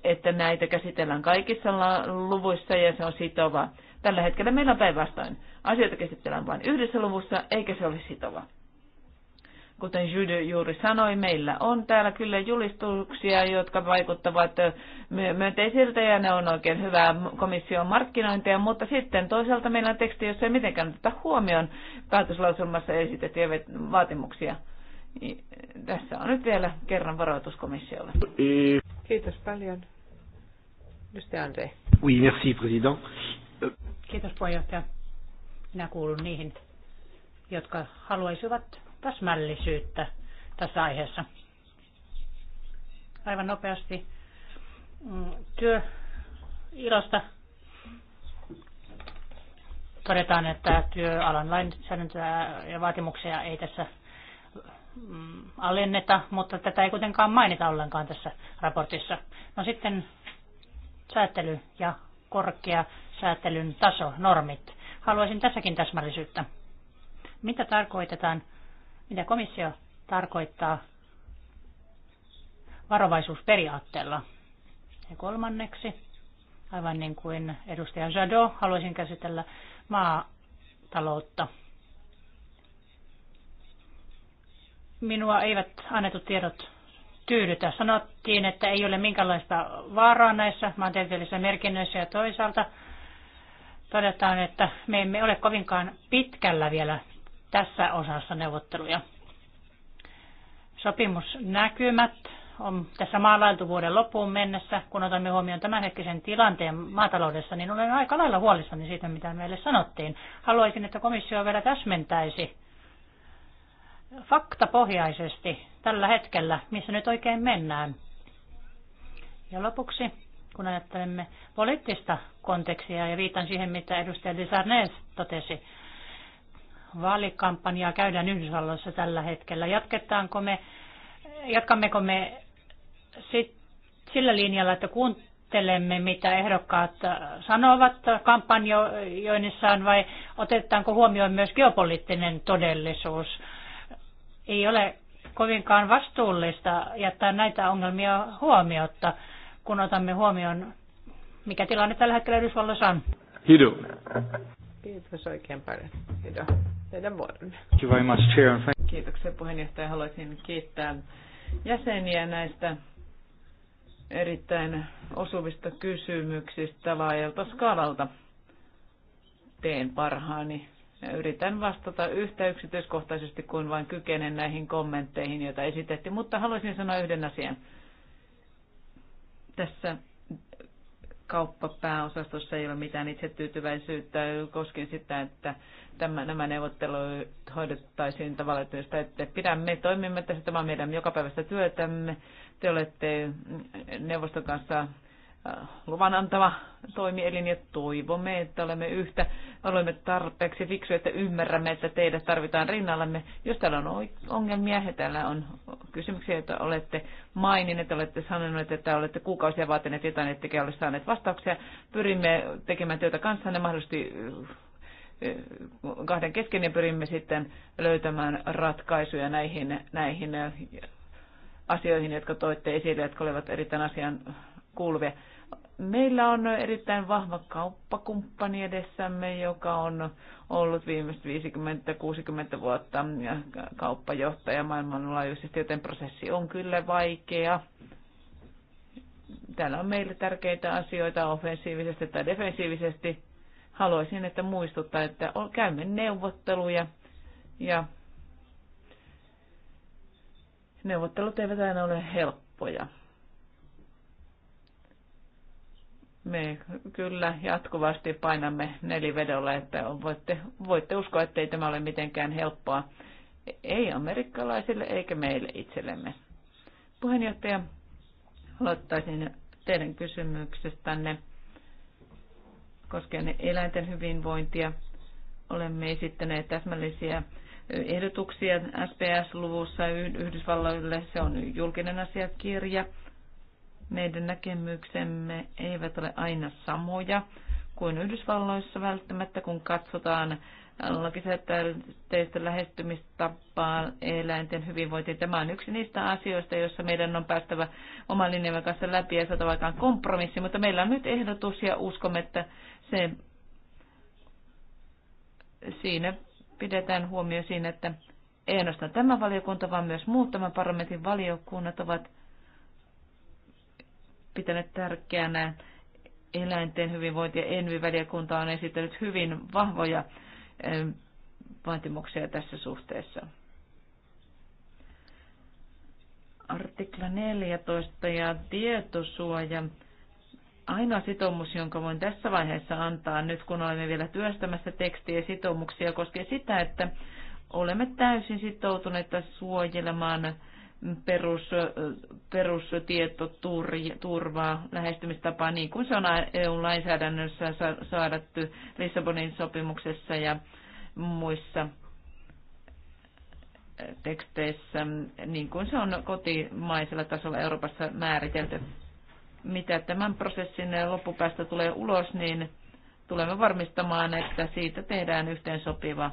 että näitä käsitellään kaikissa luvuissa ja se on sitova Tällä hetkellä meillä on päinvastoin. Asioita käsitellään vain yhdessä luvussa, eikä se ole sitova. Kuten Jude juuri sanoi, meillä on täällä kyllä julistuksia, jotka vaikuttavat myönteisiltä ja ne on oikein hyvää komission markkinointia, mutta sitten toisaalta meillä on teksti, jossa ei mitenkään oteta huomioon päätöslausumassa esitettyjä vaatimuksia. Tässä on nyt vielä kerran varoitus komissiolle. Kiitos paljon. Mr. André. Oui, merci, président. Kiitos puheenjohtaja. Minä kuulun niihin, jotka haluaisivat täsmällisyyttä tässä aiheessa. Aivan nopeasti mm, työ ilosta todetaan, että työalan lainsäädäntöä ja vaatimuksia ei tässä mm, alenneta, mutta tätä ei kuitenkaan mainita ollenkaan tässä raportissa. No sitten säätely ja korkea sääntelyn taso, normit. Haluaisin tässäkin täsmällisyyttä. Mitä tarkoitetaan, mitä komissio tarkoittaa varovaisuusperiaatteella? Ja kolmanneksi, aivan niin kuin edustaja Jadot, haluaisin käsitellä maataloutta. Minua eivät annetut tiedot tyydytä. Sanottiin, että ei ole minkäänlaista vaaraa näissä maantieteellisissä merkinnöissä ja toisaalta todetaan, että me emme ole kovinkaan pitkällä vielä tässä osassa neuvotteluja. Sopimusnäkymät on tässä maalailtu vuoden loppuun mennessä. Kun otamme huomioon tämänhetkisen tilanteen maataloudessa, niin olen aika lailla huolissani siitä, mitä meille sanottiin. Haluaisin, että komissio vielä täsmentäisi faktapohjaisesti tällä hetkellä, missä nyt oikein mennään. Ja lopuksi kun ajattelemme poliittista kontekstia ja viitan siihen, mitä edustaja Desarnes totesi. Vaalikampanjaa käydään Yhdysvalloissa tällä hetkellä. Jatketaanko me, jatkammeko me sit sillä linjalla, että kuuntelemme, mitä ehdokkaat sanovat kampanjoinnissaan vai otetaanko huomioon myös geopoliittinen todellisuus? Ei ole kovinkaan vastuullista jättää näitä ongelmia huomiotta kun otamme huomioon, mikä tilanne tällä hetkellä Yhdysvalloissa on. Hidu. Kiitos oikein paljon. Hidu. Teidän vuoronne. Thank you very much, Kiitoksia puheenjohtaja. Haluaisin kiittää jäseniä näistä erittäin osuvista kysymyksistä laajalta skaalalta. Teen parhaani ja yritän vastata yhtä yksityiskohtaisesti kuin vain kykenen näihin kommentteihin, joita esitettiin, mutta haluaisin sanoa yhden asian. Tässä kauppapääosastossa ei ole mitään tyytyväisyyttä koskien sitä, että tämä, nämä neuvottelut hoidettaisiin tavallaan, että että pidämme, toimimme tässä, tämä on meidän jokapäiväistä työtämme. Te olette neuvoston kanssa luvanantava toimielin ja toivomme, että olemme yhtä, olemme tarpeeksi fiksuja, että ymmärrämme, että teidät tarvitaan rinnallamme. Jos täällä on ongelmia ja täällä on kysymyksiä, joita olette maininneet, olette sanoneet, että olette kuukausia vaatineet jotain, ettekä ole saaneet vastauksia. Pyrimme tekemään työtä kanssanne mahdollisesti kahden kesken ja pyrimme sitten löytämään ratkaisuja näihin, näihin asioihin, jotka toitte esille, jotka olivat erittäin asian kuuluvia Meillä on erittäin vahva kauppakumppani edessämme, joka on ollut viimeiset 50-60 vuotta ja kauppajohtaja maailmanlaajuisesti, joten prosessi on kyllä vaikea. Täällä on meille tärkeitä asioita offensiivisesti tai defensiivisesti. Haluaisin, että muistuttaa, että käymme neuvotteluja ja neuvottelut eivät aina ole helppoja. me kyllä jatkuvasti painamme nelivedolla, että voitte, voitte uskoa, että ei tämä ole mitenkään helppoa. Ei amerikkalaisille eikä meille itsellemme. Puheenjohtaja, aloittaisin teidän kysymyksestänne koskien eläinten hyvinvointia. Olemme esittäneet täsmällisiä ehdotuksia SPS-luvussa Yhdysvalloille. Se on julkinen asiakirja meidän näkemyksemme eivät ole aina samoja kuin Yhdysvalloissa välttämättä, kun katsotaan lakisääteistä lähestymistapaa eläinten hyvinvointiin. Tämä on yksi niistä asioista, joissa meidän on päästävä oman linjamme kanssa läpi ja saatava aikaan kompromissi, mutta meillä on nyt ehdotus ja uskomme, että se, siinä pidetään huomio siinä, että ei ainoastaan tämä valiokunta, vaan myös muut tämän parlamentin valiokunnat ovat pitänyt tärkeänä eläinten hyvinvointi- ja envivälikunta on esittänyt hyvin vahvoja eh, vaatimuksia tässä suhteessa. Artikla 14 ja tietosuoja. Ainoa sitoumus, jonka voin tässä vaiheessa antaa nyt, kun olemme vielä työstämässä tekstiä ja sitoumuksia, koskee sitä, että olemme täysin sitoutuneita suojelemaan perus, turva lähestymistapaa, niin kuin se on EU-lainsäädännössä saadattu Lissabonin sopimuksessa ja muissa teksteissä, niin kuin se on kotimaisella tasolla Euroopassa määritelty. Mitä tämän prosessin loppupäästä tulee ulos, niin tulemme varmistamaan, että siitä tehdään yhteensopiva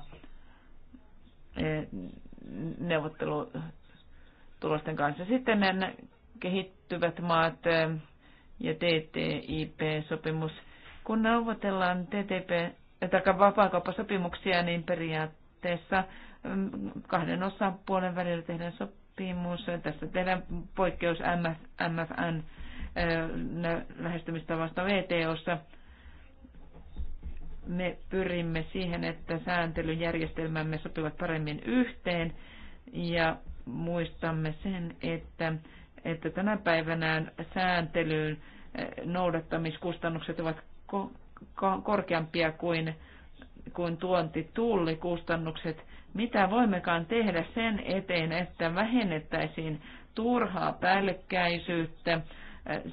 eh, neuvottelu tulosten kanssa. Sitten ne kehittyvät maat ja TTIP-sopimus. Kun neuvotellaan TTP, tai vapaakauppasopimuksia, niin periaatteessa mm, kahden puolen välillä tehdään sopimus. Tässä tehdään poikkeus MF, MFN lähestymistavasta VTOssa. Me pyrimme siihen, että sääntelyjärjestelmämme sopivat paremmin yhteen ja muistamme sen, että, että tänä päivänä sääntelyyn eh, noudattamiskustannukset ovat ko- ko- korkeampia kuin, kuin tuontitullikustannukset. Mitä voimmekaan tehdä sen eteen, että vähennettäisiin turhaa päällekkäisyyttä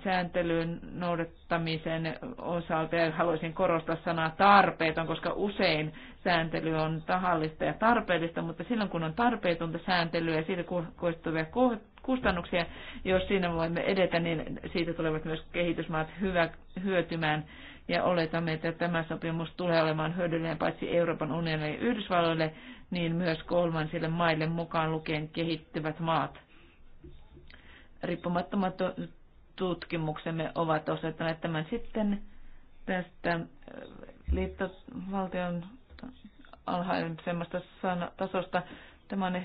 sääntelyn noudattamisen osalta ja haluaisin korostaa sanaa tarpeeton, koska usein sääntely on tahallista ja tarpeellista, mutta silloin kun on tarpeetonta sääntelyä ja siitä koistuvia kustannuksia, jos siinä voimme edetä, niin siitä tulevat myös kehitysmaat hyvä, hyötymään ja oletamme, että tämä sopimus tulee olemaan hyödyllinen paitsi Euroopan unionille ja Yhdysvalloille, niin myös kolmansille maille mukaan lukien kehittyvät maat riippumattomat tutkimuksemme ovat osoittaneet tämän sitten tästä äh, liittovaltion alhaisemmasta tasosta. Tämä on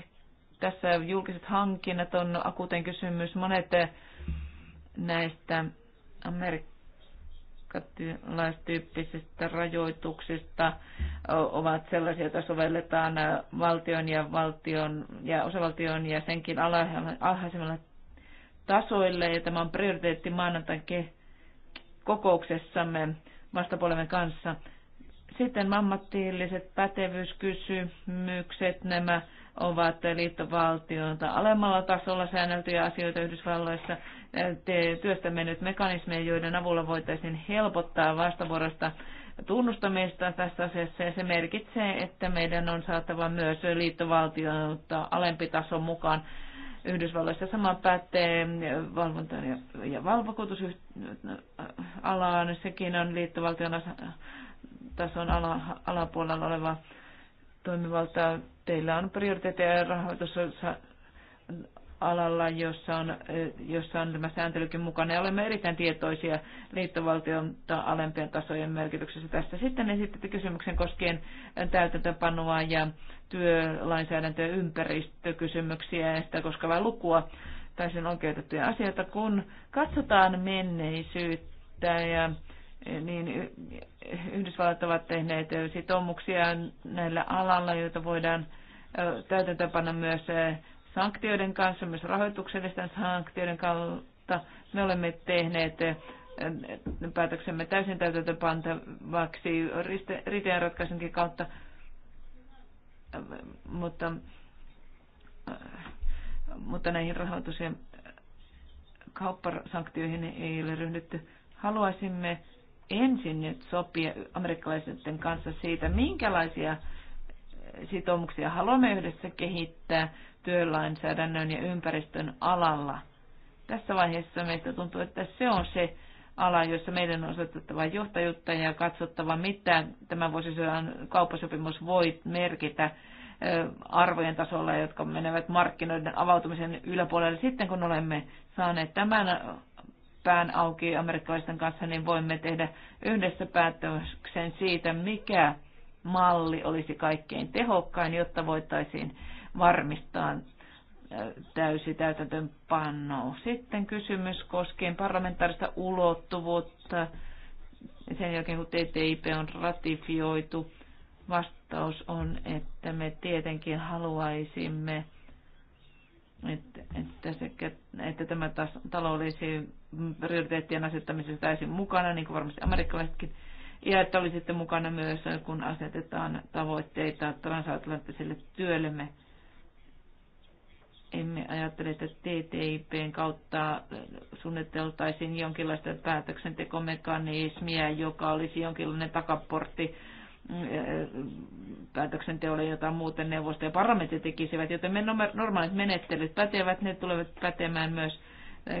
tässä julkiset hankinnat on akuten kysymys. Monet äh, näistä amerikkalaistyyppisistä rajoituksista ovat sellaisia, joita sovelletaan äh, valtion ja valtion ja osavaltion ja senkin alhaisemmalla tasoille ja tämä on prioriteetti maanantain kokouksessamme vastapuolemme kanssa. Sitten ammatilliset pätevyyskysymykset, nämä ovat liittovaltiota alemmalla tasolla säänneltyjä asioita Yhdysvalloissa. Te työstämme nyt mekanismeja, joiden avulla voitaisiin helpottaa vastavuorosta tunnustamista tässä asiassa ja se merkitsee, että meidän on saatava myös liittovaltiota alempi taso mukaan. Yhdysvalloissa. Sama pätee valvontaan ja, ja valvakuutusalaan. Sekin on liittovaltion tason ala, alapuolella oleva toimivalta Teillä on prioriteetteja rahoitus alalla, jossa on, jossa on tämä sääntelykin mukana. Ja olemme erittäin tietoisia liittovaltion alempien tasojen merkityksestä tässä. Sitten esititte kysymyksen koskien täytäntöpanoa ja työlainsäädäntöä ympäristökysymyksiä ja sitä koskevaa lukua tai sen oikeutettuja asioita. Kun katsotaan menneisyyttä ja niin Yhdysvallat ovat tehneet sitoumuksia näillä alalla, joita voidaan täytäntöpanna myös sanktioiden kanssa, myös rahoituksellisten sanktioiden kautta. Me olemme tehneet eh, päätöksemme täysin täytäntöpantavaksi riteen ratkaisunkin kautta, mutta, eh, mutta näihin rahoitus- ja kauppasanktioihin ei ole ryhdytty. Haluaisimme ensin nyt sopia amerikkalaisten kanssa siitä, minkälaisia eh, sitoumuksia haluamme yhdessä kehittää työlainsäädännön ja ympäristön alalla. Tässä vaiheessa meistä tuntuu, että se on se ala, jossa meidän on osoitettava johtajuutta ja katsottava, mitä tämä vuosisadan kauppasopimus voi merkitä arvojen tasolla, jotka menevät markkinoiden avautumisen yläpuolelle. Sitten kun olemme saaneet tämän pään auki amerikkalaisten kanssa, niin voimme tehdä yhdessä päätöksen siitä, mikä malli olisi kaikkein tehokkain, jotta voitaisiin varmistaa täysi täytäntöönpano. Sitten kysymys koskien parlamentaarista ulottuvuutta. Sen jälkeen kun TTIP on ratifioitu, vastaus on, että me tietenkin haluaisimme, että, että, sekä, että tämä taas, taloudellisiin prioriteettien asettamisessa täysin mukana, niin kuin varmasti amerikkalaisetkin, ja että olisitte mukana myös, kun asetetaan tavoitteita transatlanttiselle työllemme emme ajattele, että TTIPn kautta suunniteltaisiin jonkinlaista päätöksentekomekanismia, joka olisi jonkinlainen takaportti mm, päätöksenteolle, jota muuten neuvosto ja parlamentti tekisivät, joten me normaalit menettelyt pätevät, ne tulevat pätemään myös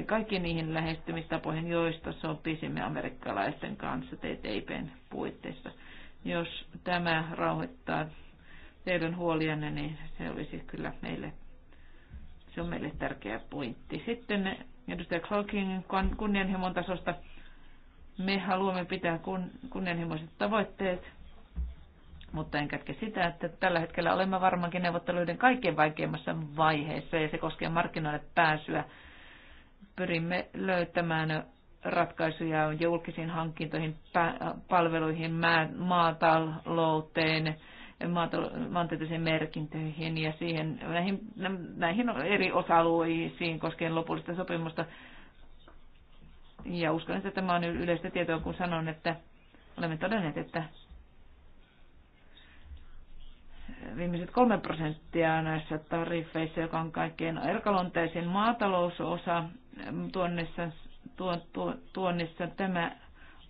kaikki niihin lähestymistapoihin, joista sopisimme amerikkalaisten kanssa TTIPn puitteissa. Jos tämä rauhoittaa teidän huolianne, niin se olisi kyllä meille se on meille tärkeä pointti. Sitten edustaja Clarkin kunnianhimon tasosta. Me haluamme pitää kunnianhimoiset tavoitteet, mutta en kätke sitä, että tällä hetkellä olemme varmaankin neuvotteluiden kaikkein vaikeimmassa vaiheessa ja se koskee markkinoille pääsyä. Pyrimme löytämään ratkaisuja julkisiin hankintoihin, palveluihin, maatalouteen, maantieteellisiin merkintöihin ja siihen, näihin, näihin eri osa-alueisiin koskien lopullista sopimusta. Ja uskon, että tämä on yleistä tietoa, kun sanon, että olemme todenneet, että viimeiset kolme prosenttia näissä tariffeissa, joka on kaikkein erkalonteisin maatalousosa tuonnissa, tuon, tuon, tuonnissa, tämä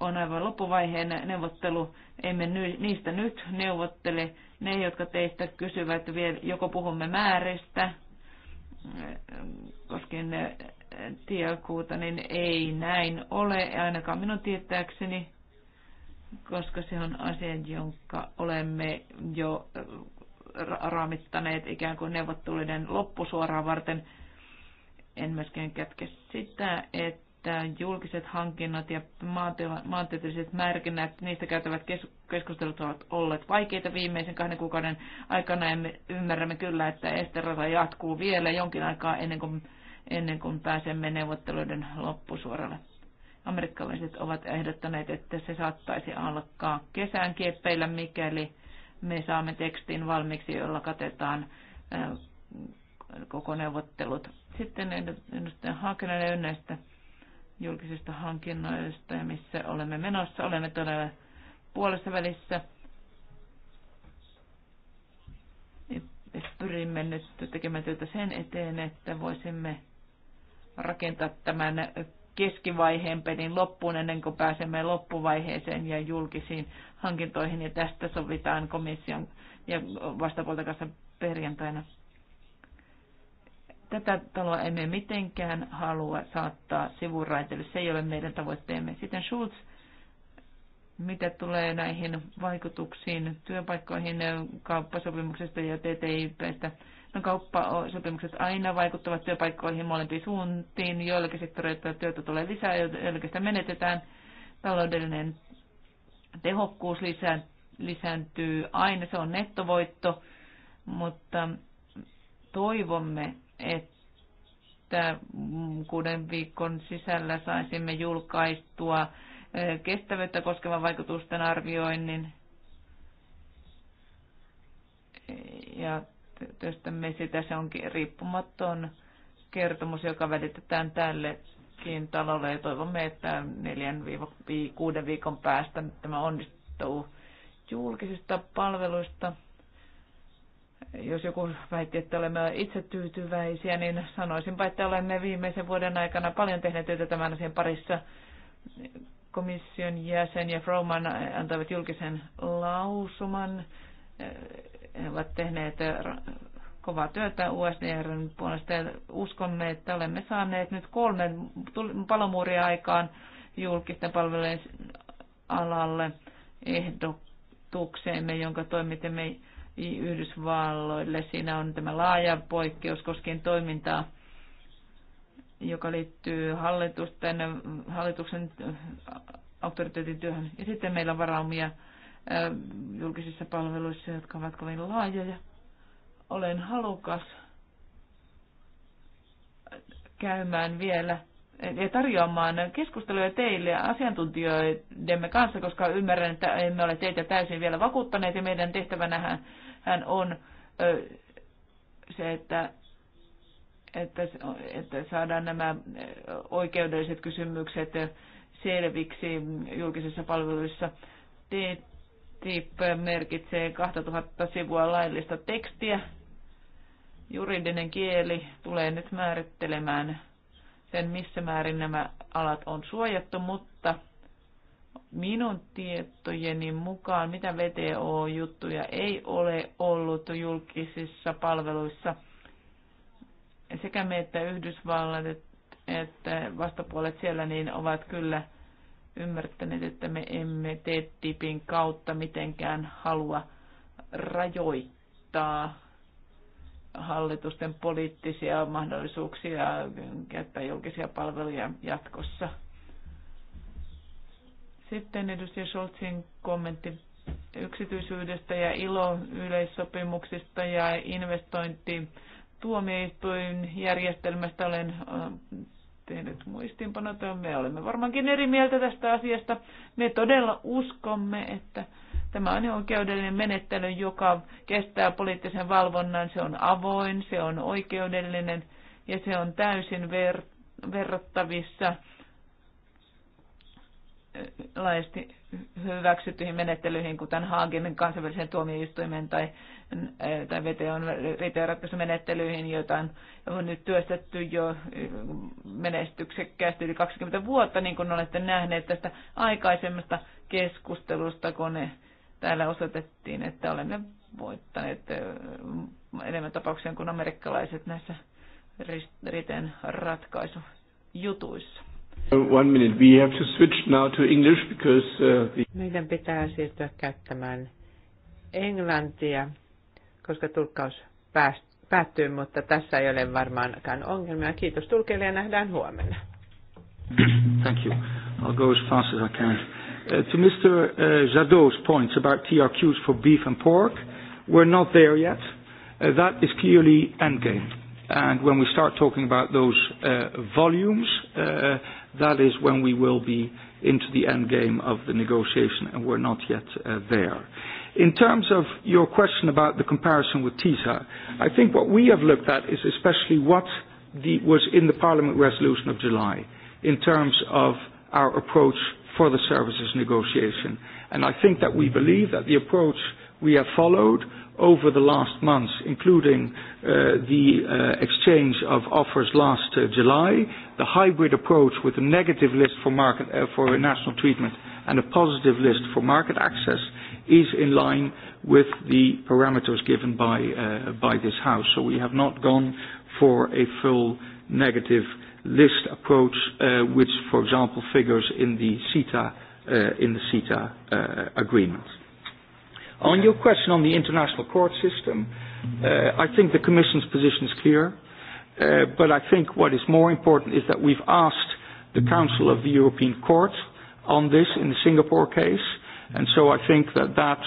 on aivan loppuvaiheen neuvottelu. Emme niistä nyt neuvottele. Ne, jotka teistä kysyvät, vielä, joko puhumme määristä, eh, koskien eh, tiekuuta, niin ei näin ole, ainakaan minun tietääkseni, koska se on asia, jonka olemme jo eh, raamittaneet ikään kuin neuvotteluiden loppusuoraan varten. En myöskään kätke sitä, että että julkiset hankinnat ja maantieteelliset merkinnät, niistä käytävät keskustelut ovat olleet vaikeita viimeisen kahden kuukauden aikana ja me ymmärrämme kyllä, että esterata jatkuu vielä jonkin aikaa ennen kuin, ennen kuin pääsemme neuvotteluiden loppusuoralle. Amerikkalaiset ovat ehdottaneet, että se saattaisi alkaa kesän kieppeillä, mikäli me saamme tekstin valmiiksi, jolla katetaan koko neuvottelut. Sitten ennustajan hakenen näistä julkisista hankinnoista ja missä olemme menossa. Olemme todella puolessa välissä. Pyrimme nyt tekemään työtä sen eteen, että voisimme rakentaa tämän keskivaiheen pelin loppuun ennen kuin pääsemme loppuvaiheeseen ja julkisiin hankintoihin. Ja tästä sovitaan komission ja vastapuolta kanssa perjantaina. Tätä taloa emme mitenkään halua saattaa sivuraiteille. Se ei ole meidän tavoitteemme. Sitten Schulz, mitä tulee näihin vaikutuksiin työpaikkoihin kauppasopimuksesta ja TTIPstä. No kauppasopimukset aina vaikuttavat työpaikkoihin molempiin suuntiin. Joillakin sektoreilla työtä tulee lisää, joillakin sitä menetetään. Taloudellinen tehokkuus lisää, lisääntyy aina, se on nettovoitto, mutta toivomme, että kuuden viikon sisällä saisimme julkaistua kestävyyttä koskevan vaikutusten arvioinnin ja työstämme sitä. Se onkin riippumaton kertomus, joka välitetään tällekin talolle ja toivomme, että 4 kuuden viikon päästä tämä onnistuu julkisista palveluista. Jos joku väitti, että olemme itse tyytyväisiä, niin sanoisinpa, että olemme viimeisen vuoden aikana paljon tehneet työtä tämän asian parissa. Komission jäsen ja Froman antavat julkisen lausuman. He ovat tehneet kovaa työtä USDRn puolesta ja uskomme, että olemme saaneet nyt kolme palomuuria aikaan julkisten palvelujen alalle ehdotukseemme, jonka toimitimme Yhdysvalloille. Siinä on tämä laaja poikkeus koskien toimintaa, joka liittyy hallitusten, hallituksen työhön Ja sitten meillä on varaumia julkisissa palveluissa, jotka ovat kovin laajoja. Olen halukas käymään vielä ja tarjoamaan keskusteluja teille ja asiantuntijoidemme kanssa, koska ymmärrän, että emme ole teitä täysin vielä vakuuttaneet ja meidän tehtävänähän hän on se, että, että, että saadaan nämä oikeudelliset kysymykset selviksi julkisessa palveluissa. TTIP merkitsee 2000 sivua laillista tekstiä. Juridinen kieli tulee nyt määrittelemään sen, missä määrin nämä alat on suojattu, mutta minun tietojeni mukaan mitä VTO-juttuja ei ole ollut julkisissa palveluissa. Sekä me että Yhdysvallat että vastapuolet siellä niin ovat kyllä ymmärtäneet, että me emme TTIPin kautta mitenkään halua rajoittaa hallitusten poliittisia mahdollisuuksia käyttää julkisia palveluja jatkossa. Sitten edustaja Scholzin kommentti yksityisyydestä ja ilo-yleissopimuksista ja investointi tuomioistuin järjestelmästä olen äh, tehnyt muistiinpanot. Me olemme varmaankin eri mieltä tästä asiasta. Me todella uskomme, että Tämä on oikeudellinen menettely, joka kestää poliittisen valvonnan. Se on avoin, se on oikeudellinen ja se on täysin ver- verrattavissa laajasti hyväksyttyihin menettelyihin, kuten Haagin kansainvälisen tuomioistuimen tai, tai VTOn riitojenratkaisumenettelyihin, joita on nyt työstetty jo menestyksekkäästi yli 20 vuotta, niin kuin olette nähneet tästä aikaisemmasta keskustelusta, kun Täällä osoitettiin, että olemme voittaneet enemmän tapauksia kuin amerikkalaiset näissä riten ratkaisujutuissa. One minute. We have to switch now to English because uh, the... Meidän pitää siirtyä käyttämään englantia, koska tulkkaus pääst, päättyy, mutta tässä ei ole varmaankaan ongelmia. Kiitos tulkeille ja nähdään huomenna. Thank you. I'll go as fast as I can. Uh, to Mr. Uh, Jadot's points about TRQs for beef and pork, we're not there yet. Uh, that is clearly endgame. And when we start talking about those volumes, that is when we will be into the endgame of the negotiation, and we're not yet there. In terms of your question about the comparison with TISA, I think what we have looked at is especially what was in the Parliament resolution of July in terms of our approach for the services negotiation. And I think that we believe that the approach we have followed over the last months, including uh, the uh, exchange of offers last uh, July, the hybrid approach with a negative list for, market, uh, for national treatment and a positive list for market access, is in line with the parameters given by, uh, by this House. So we have not gone for a full negative list approach, uh, which, for example, figures in the CETA, uh, in the CETA uh, agreement. On your question on the international court system, uh, I think the Commission's position is clear. Uh, but I think what is more important is that we've asked the Council of the European Court on this in the Singapore case, and so I think that that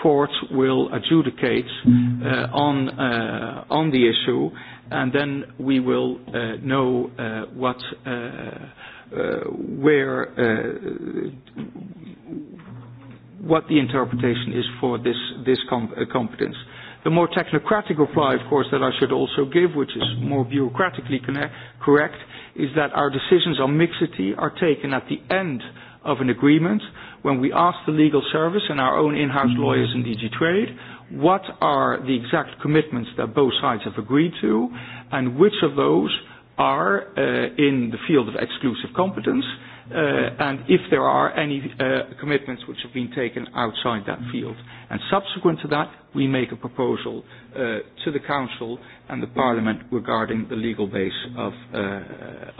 court will adjudicate uh, on uh, on the issue, and then we will uh, know uh, what, uh, uh, where, uh, what the interpretation is for this, this com- uh, competence. The more technocratic reply, of course, that I should also give, which is more bureaucratically connect- correct, is that our decisions on mixity are taken at the end of an agreement when we ask the legal service and our own in-house lawyers in DG Trade what are the exact commitments that both sides have agreed to, and which of those are uh, in the field of exclusive competence, uh, and if there are any uh, commitments which have been taken outside that mm-hmm. field. And subsequent to that, we make a proposal uh, to the Council and the Parliament mm-hmm. regarding the legal base of, uh,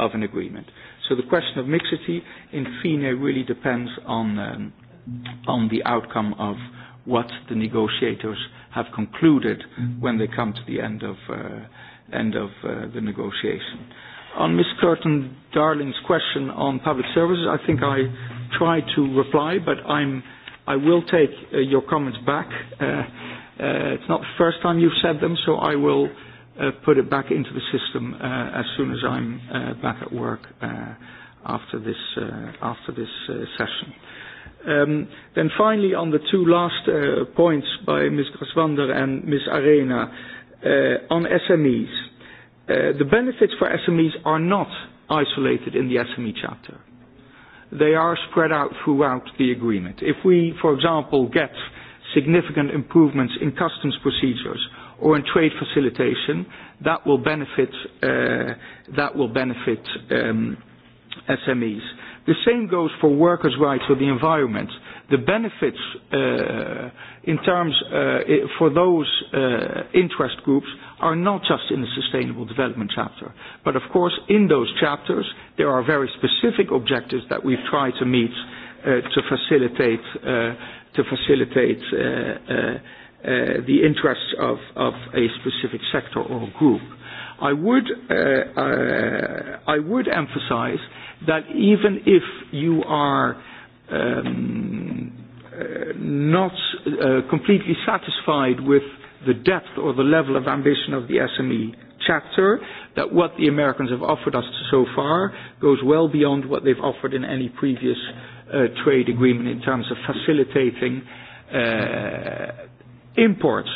of an agreement. So the question of mixity in fine really depends on, um, on the outcome of what the negotiators have concluded mm-hmm. when they come to the end of, uh, end of uh, the negotiation. On Ms. Curtin Darling's question on public services, I think I tried to reply, but I'm, I will take uh, your comments back. Uh, uh, it's not the first time you've said them, so I will uh, put it back into the system uh, as soon as I'm uh, back at work uh, after this, uh, after this uh, session. Uh, Um, then finally, on the two last uh, points by Ms. Graswander and Ms. Arena uh, on SMEs. Uh, the benefits for SMEs are not isolated in the SME chapter. They are spread out throughout the agreement. If we, for example, get significant improvements in customs procedures or in trade facilitation, that will benefit, um, SMEs. The same goes for workers' rights or the environment. The benefits uh, in terms uh, for those uh, interest groups are not just in the sustainable development chapter. But of course, in those chapters, there are very specific objectives that we've tried to meet uh, to facilitate, uh, to facilitate uh, uh, uh, the interests of, of a specific sector or group. I would, uh, uh, I would emphasize that even if you are um, uh, not uh, completely satisfied with the depth or the level of ambition of the SME chapter, that what the Americans have offered us so far goes well beyond what they've offered in any previous uh, trade agreement in terms of facilitating uh, imports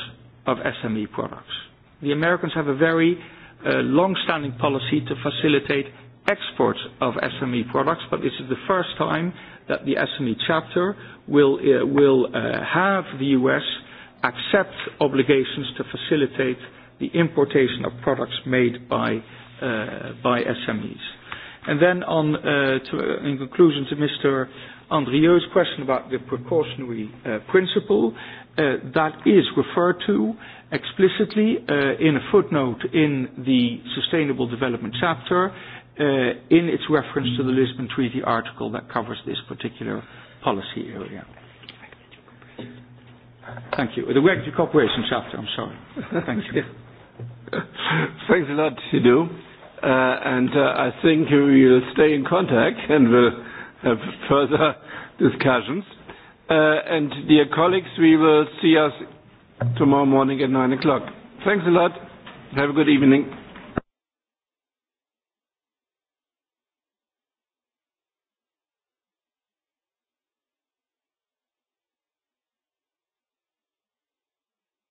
of SME products. The Americans have a very uh, long-standing policy to facilitate exports of SME products, but this is the first time that the SME chapter will, uh, will uh, have the U.S. accept obligations to facilitate the importation of products made by, uh, by SMEs. And then on, uh, to, uh, in conclusion to Mr. Andrieu's question about the precautionary uh, principle, Uh, that is referred to explicitly uh, in a footnote in the Sustainable Development chapter uh, in its reference to the Lisbon Treaty article that covers this particular policy area. Thank you. The regulatory cooperation chapter, I'm sorry. Thank you. Thanks a lot, Hidu. Uh, and uh, I think we will stay in contact and we'll have further discussions. Uh, and dear colleagues, we will see us tomorrow morning at 9:00 o'clock. Thanks a lot. Have a good evening.